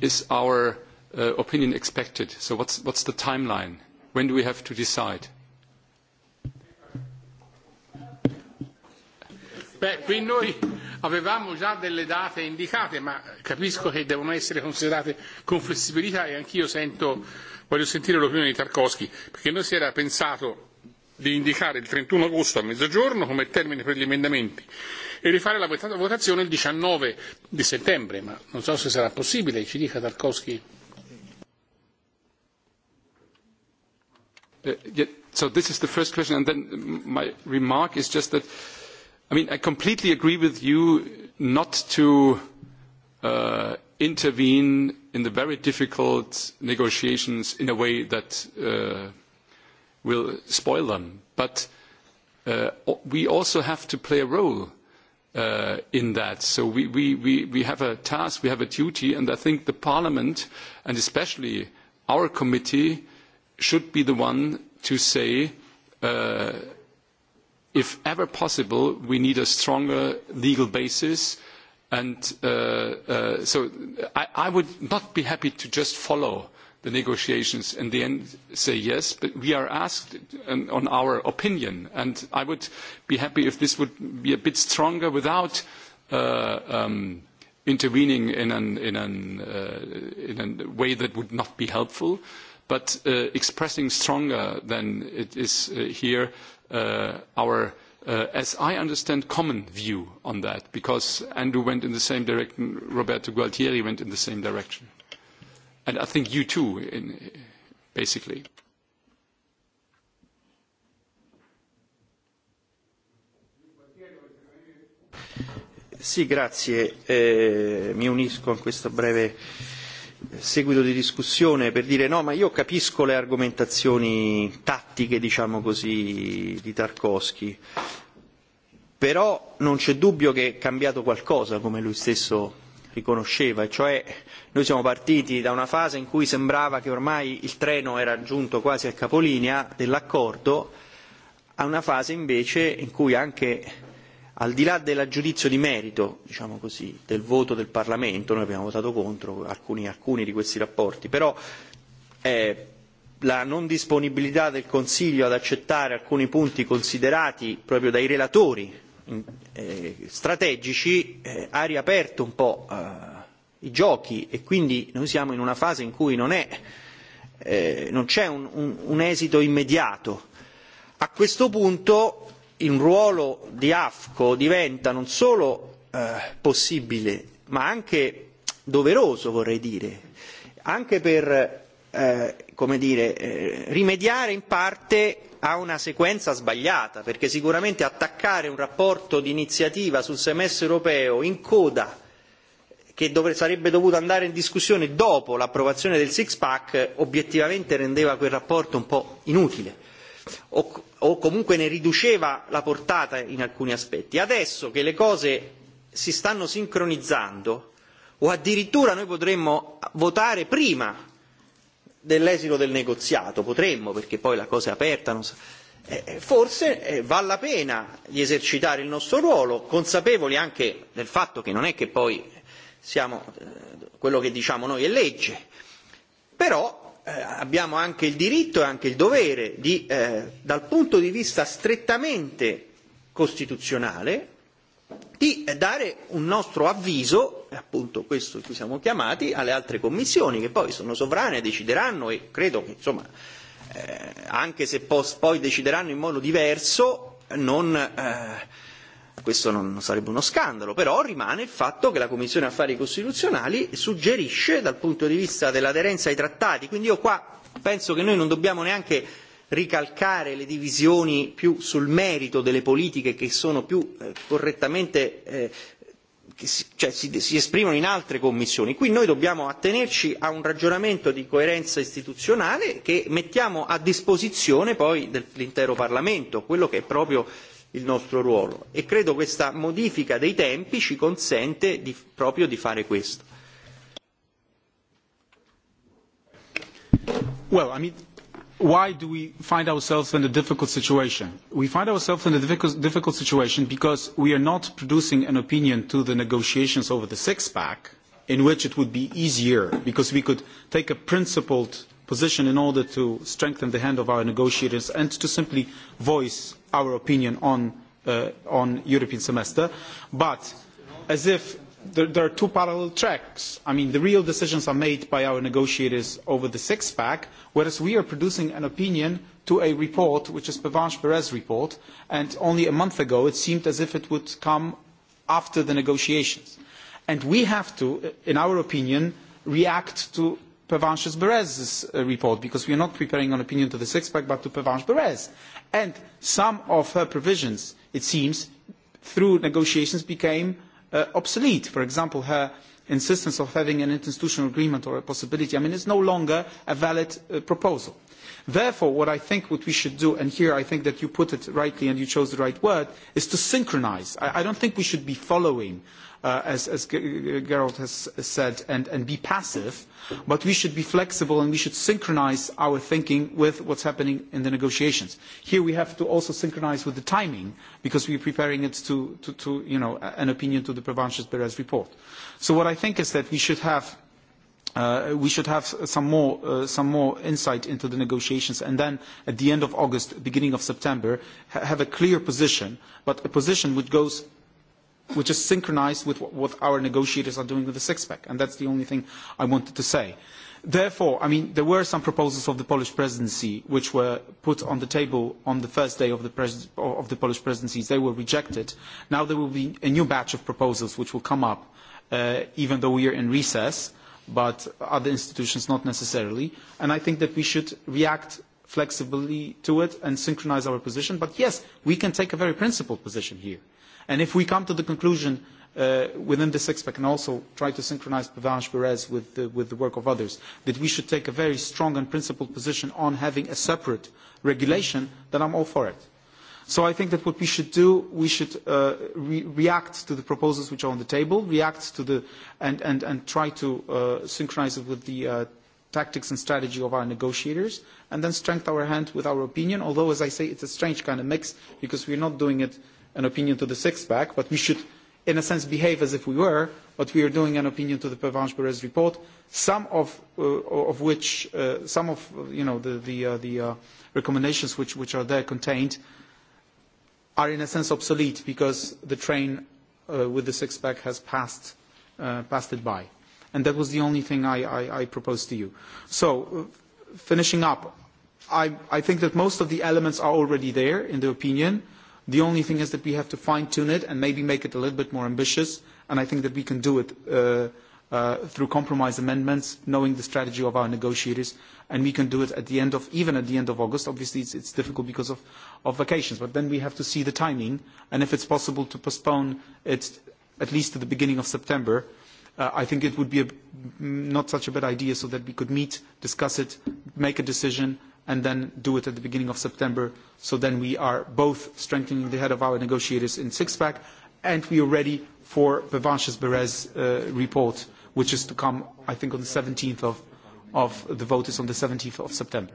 is our uh, opinion expected? So what's, what's the timeline? When do we have to decide? Beh, qui noi avevamo già delle date indicate, ma capisco che devono essere considerate con flessibilità e anch'io sento, voglio sentire l'opinione di Tarkovsky, perché noi si era pensato di indicare il 31 agosto a mezzogiorno come termine per gli emendamenti e rifare la votazione il 19 di settembre, ma non so se sarà possibile, ci dica Tarkovsky. Uh, yeah, so this is the first question and then my remark is just that I mean, I completely agree with you not to uh, intervene in the very difficult negotiations in a way that uh, will spoil them. But uh, we also have to play a role uh, in that. So we, we, we, we have a task, we have a duty, and I think the Parliament, and especially our committee, should be the one to say uh, if ever possible, we need a stronger legal basis. And uh, uh, so I, I, would not be happy to just follow the negotiations in the end say yes, but we are asked an, um, on our opinion. And I would be happy if this would be a bit stronger without uh, um, intervening in, in, an, uh, in a way that would not be helpful, but uh, expressing stronger than it is uh, here uh, Uh, our Uh, as I understand, common view on that, because Andrew went in the same direction, Roberto Gualtieri went in the same direction. And I think you too, in, basically. Sì, grazie. Eh, mi unisco a questa breve seguito di discussione per dire no, ma io capisco le argomentazioni tattiche, diciamo così, di Tarkovsky, però non c'è dubbio che è cambiato qualcosa, come lui stesso riconosceva, e cioè noi siamo partiti da una fase in cui sembrava che ormai il treno era giunto quasi al capolinea dell'accordo, a una fase invece in cui anche al di là del giudizio di merito, diciamo così, del voto del Parlamento, noi abbiamo votato contro alcuni, alcuni di questi rapporti, però eh, la non disponibilità del Consiglio ad accettare alcuni punti considerati proprio dai relatori eh, strategici eh, ha riaperto un po' eh, i giochi e quindi noi siamo in una fase in cui non, è, eh, non c'è un, un, un esito immediato. A questo punto il ruolo di AFCO diventa non solo eh, possibile, ma anche doveroso, vorrei dire, anche per eh, come dire, eh, rimediare in parte a una sequenza sbagliata, perché sicuramente attaccare un rapporto di iniziativa sul semestre europeo in coda che dov- sarebbe dovuto andare in discussione dopo l'approvazione del six pack obiettivamente rendeva quel rapporto un po' inutile o, o comunque ne riduceva la portata in alcuni aspetti. Adesso che le cose si stanno sincronizzando o addirittura noi potremmo votare prima dell'esito del negoziato, potremmo perché poi la cosa è aperta, non so. eh, eh forse eh, vale la pena di esercitare il nostro ruolo, consapevoli anche del fatto che non è che poi siamo, eh, quello che diciamo noi è legge, però eh, abbiamo anche il diritto e anche il dovere di, eh, dal punto di vista strettamente costituzionale, di eh, dare un nostro avviso, è e appunto questo cui siamo chiamati, alle altre commissioni che poi sono sovrane, decideranno e credo che insomma, eh, anche se poi decideranno in modo diverso, non eh, questo non sarebbe uno scandalo, però rimane il fatto che la Commissione Affari Costituzionali suggerisce dal punto di vista dell'aderenza ai trattati, quindi io qua penso che noi non dobbiamo neanche ricalcare le divisioni più sul merito delle politiche che sono più eh, correttamente eh, che si, cioè, si, si esprimono in altre commissioni. Qui noi dobbiamo attenerci a un ragionamento di coerenza istituzionale che mettiamo a disposizione poi dell'intero Parlamento, quello che è proprio il nostro ruolo e credo questa modifica dei tempi ci consente di, proprio di fare questo. Well, I mean, why do we find ourselves in a difficult situation? We find ourselves in a difficult, difficult situation because we are not producing an opinion to the negotiations over the six-pack in which it would be easier because we could take a principled position in order to strengthen the hand of our negotiators and to simply voice our opinion on, uh, on European semester. But as if there, there are two parallel tracks. I mean, the real decisions are made by our negotiators over the six-pack, whereas we are producing an opinion to a report, which is Pavanche Perez report, and only a month ago it seemed as if it would come after the negotiations. And we have to, in our opinion, react to Pervanche Berez's uh, report, because we are not preparing an opinion to the six-pack, but to Pervanche Berez. And some of her provisions, it seems, through negotiations became uh, obsolete. For example, her insistence of having an institutional agreement or a possibility, I mean, it's no longer a valid uh, proposal. Therefore, what I think what we should do, and here I think that you put it rightly and you chose the right word, is to synchronize. I, I don't think we should be following, uh, as, as Gerald has said, and, and be passive, but we should be flexible and we should synchronize our thinking with what's happening in the negotiations. Here we have to also synchronize with the timing because we're preparing it to, to, to you know, an opinion to the Prevanches Perez report. So what I think is that we should have Uh, we should have some more, uh, some more insight into the negotiations and then at the end of August, beginning of September, ha have a clear position, but a position which goes which is synchronized with what our negotiators are doing with the six-pack, and that's the only thing I wanted to say. Therefore, I mean, there were some proposals of the Polish presidency which were put on the table on the first day of the, of the Polish presidency. They were rejected. Now there will be a new batch of proposals which will come up, uh, even though we are in recess. Uh, but other institutions not necessarily. And I think that we should react flexibly to it and synchronize our position. But yes, we can take a very principled position here. And if we come to the conclusion uh, within the six-pack and also try to synchronize Pavanche Perez with the, with the work of others, that we should take a very strong and principled position on having a separate regulation, then I'm all for it. So I think that what we should do, we should uh, re react to the proposals which are on the table, react to the, and, and, and try to uh, synchronize it with the uh, tactics and strategy of our negotiators, and then strengthen our hand with our opinion, although, as I say, it's a strange kind of mix, because we're not doing it an opinion to the six-pack, but we should, in a sense, behave as if we were, but we are doing an opinion to the Pervenche Perez report, some of, uh, of which, uh, some of, you know, the, the, uh, the uh, recommendations which, which are there contained, uh, are in a sense obsolete because the train uh, with the six-pack has passed, uh, passed it by. And that was the only thing I, I, I proposed to you. So, uh, finishing up, I, I think that most of the elements are already there in the opinion. The only thing is that we have to fine-tune it and maybe make it a little bit more ambitious, and I think that we can do it uh, Uh, through compromise amendments, knowing the strategy of our negotiators, and we can do it at the end of, even at the end of August. Obviously, it's, it's difficult because of, of vacations, but then we have to see the timing, and if it's possible to postpone it at least to the beginning of September, uh, I think it would be a, not such a bad idea so that we could meet, discuss it, make a decision, and then do it at the beginning of September. So then we are both strengthening the head of our negotiators in six-pack and we are ready for Bevanches berez uh, report, which is to come, I think, on the 17th of, of the vote is on the 17th of September.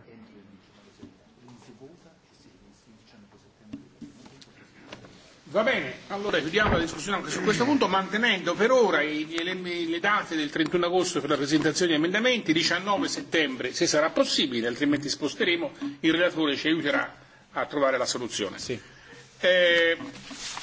Va bene, allora chiudiamo la discussione anche su questo punto mantenendo per ora le, le date del 31 agosto per la presentazione degli emendamenti, 19 settembre se sarà possibile, altrimenti sposteremo, il relatore ci aiuterà a trovare la soluzione. Sì. Eh,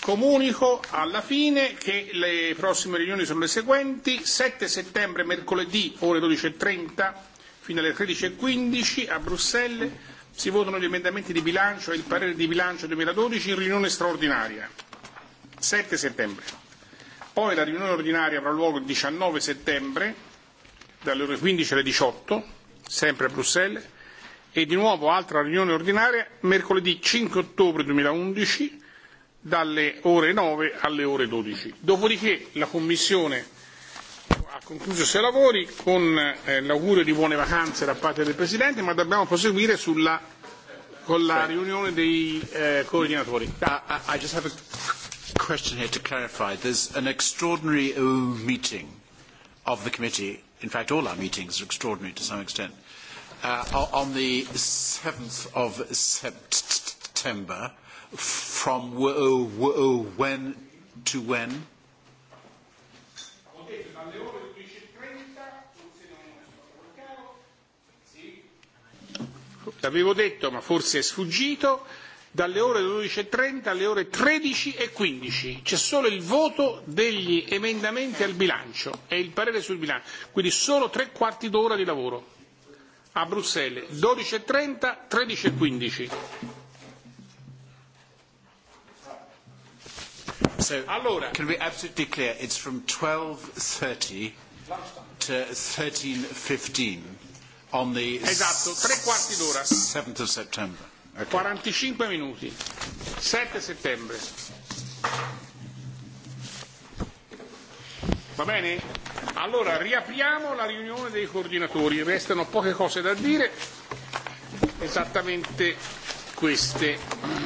Comunico alla fine che le prossime riunioni sono le seguenti. 7 settembre, mercoledì, ore 12.30 e fino alle 13.15 e a Bruxelles si votano gli emendamenti di bilancio e il parere di bilancio 2012 in riunione straordinaria. 7 settembre. Poi la riunione ordinaria avrà luogo il 19 settembre dalle ore 15 alle 18, sempre a Bruxelles, e di nuovo altra riunione ordinaria mercoledì 5 ottobre 2011 dalle ore 9 alle ore 12. Dopodiché la Commissione ha concluso i suoi lavori con eh, l'augurio di buone vacanze da parte del Presidente, ma dobbiamo proseguire sulla, con la riunione dei eh, coordinatori. Uh, uh, I just have a question here to clarify. There's an extraordinary uh, meeting of the committee. In fact, all our meetings are extraordinary to some extent. Uh, on the 7th of September, from when to when? L'avevo detto, ma forse è sfuggito, dalle ore 12.30 e alle ore 13.15. E c'è solo il voto degli emendamenti al bilancio e il parere sul bilancio, quindi solo tre quarti d'ora di lavoro a Bruxelles, 12.30, 13.15. E So, allora. can we be absolutely clear, it's from 12.30 to 13.15 on the esatto, tre quarti d'ora. 7th of September. Okay. 45 minuti. 7 settembre. Va bene? Allora riapriamo la riunione dei coordinatori. Restano poche cose da dire. Esattamente queste.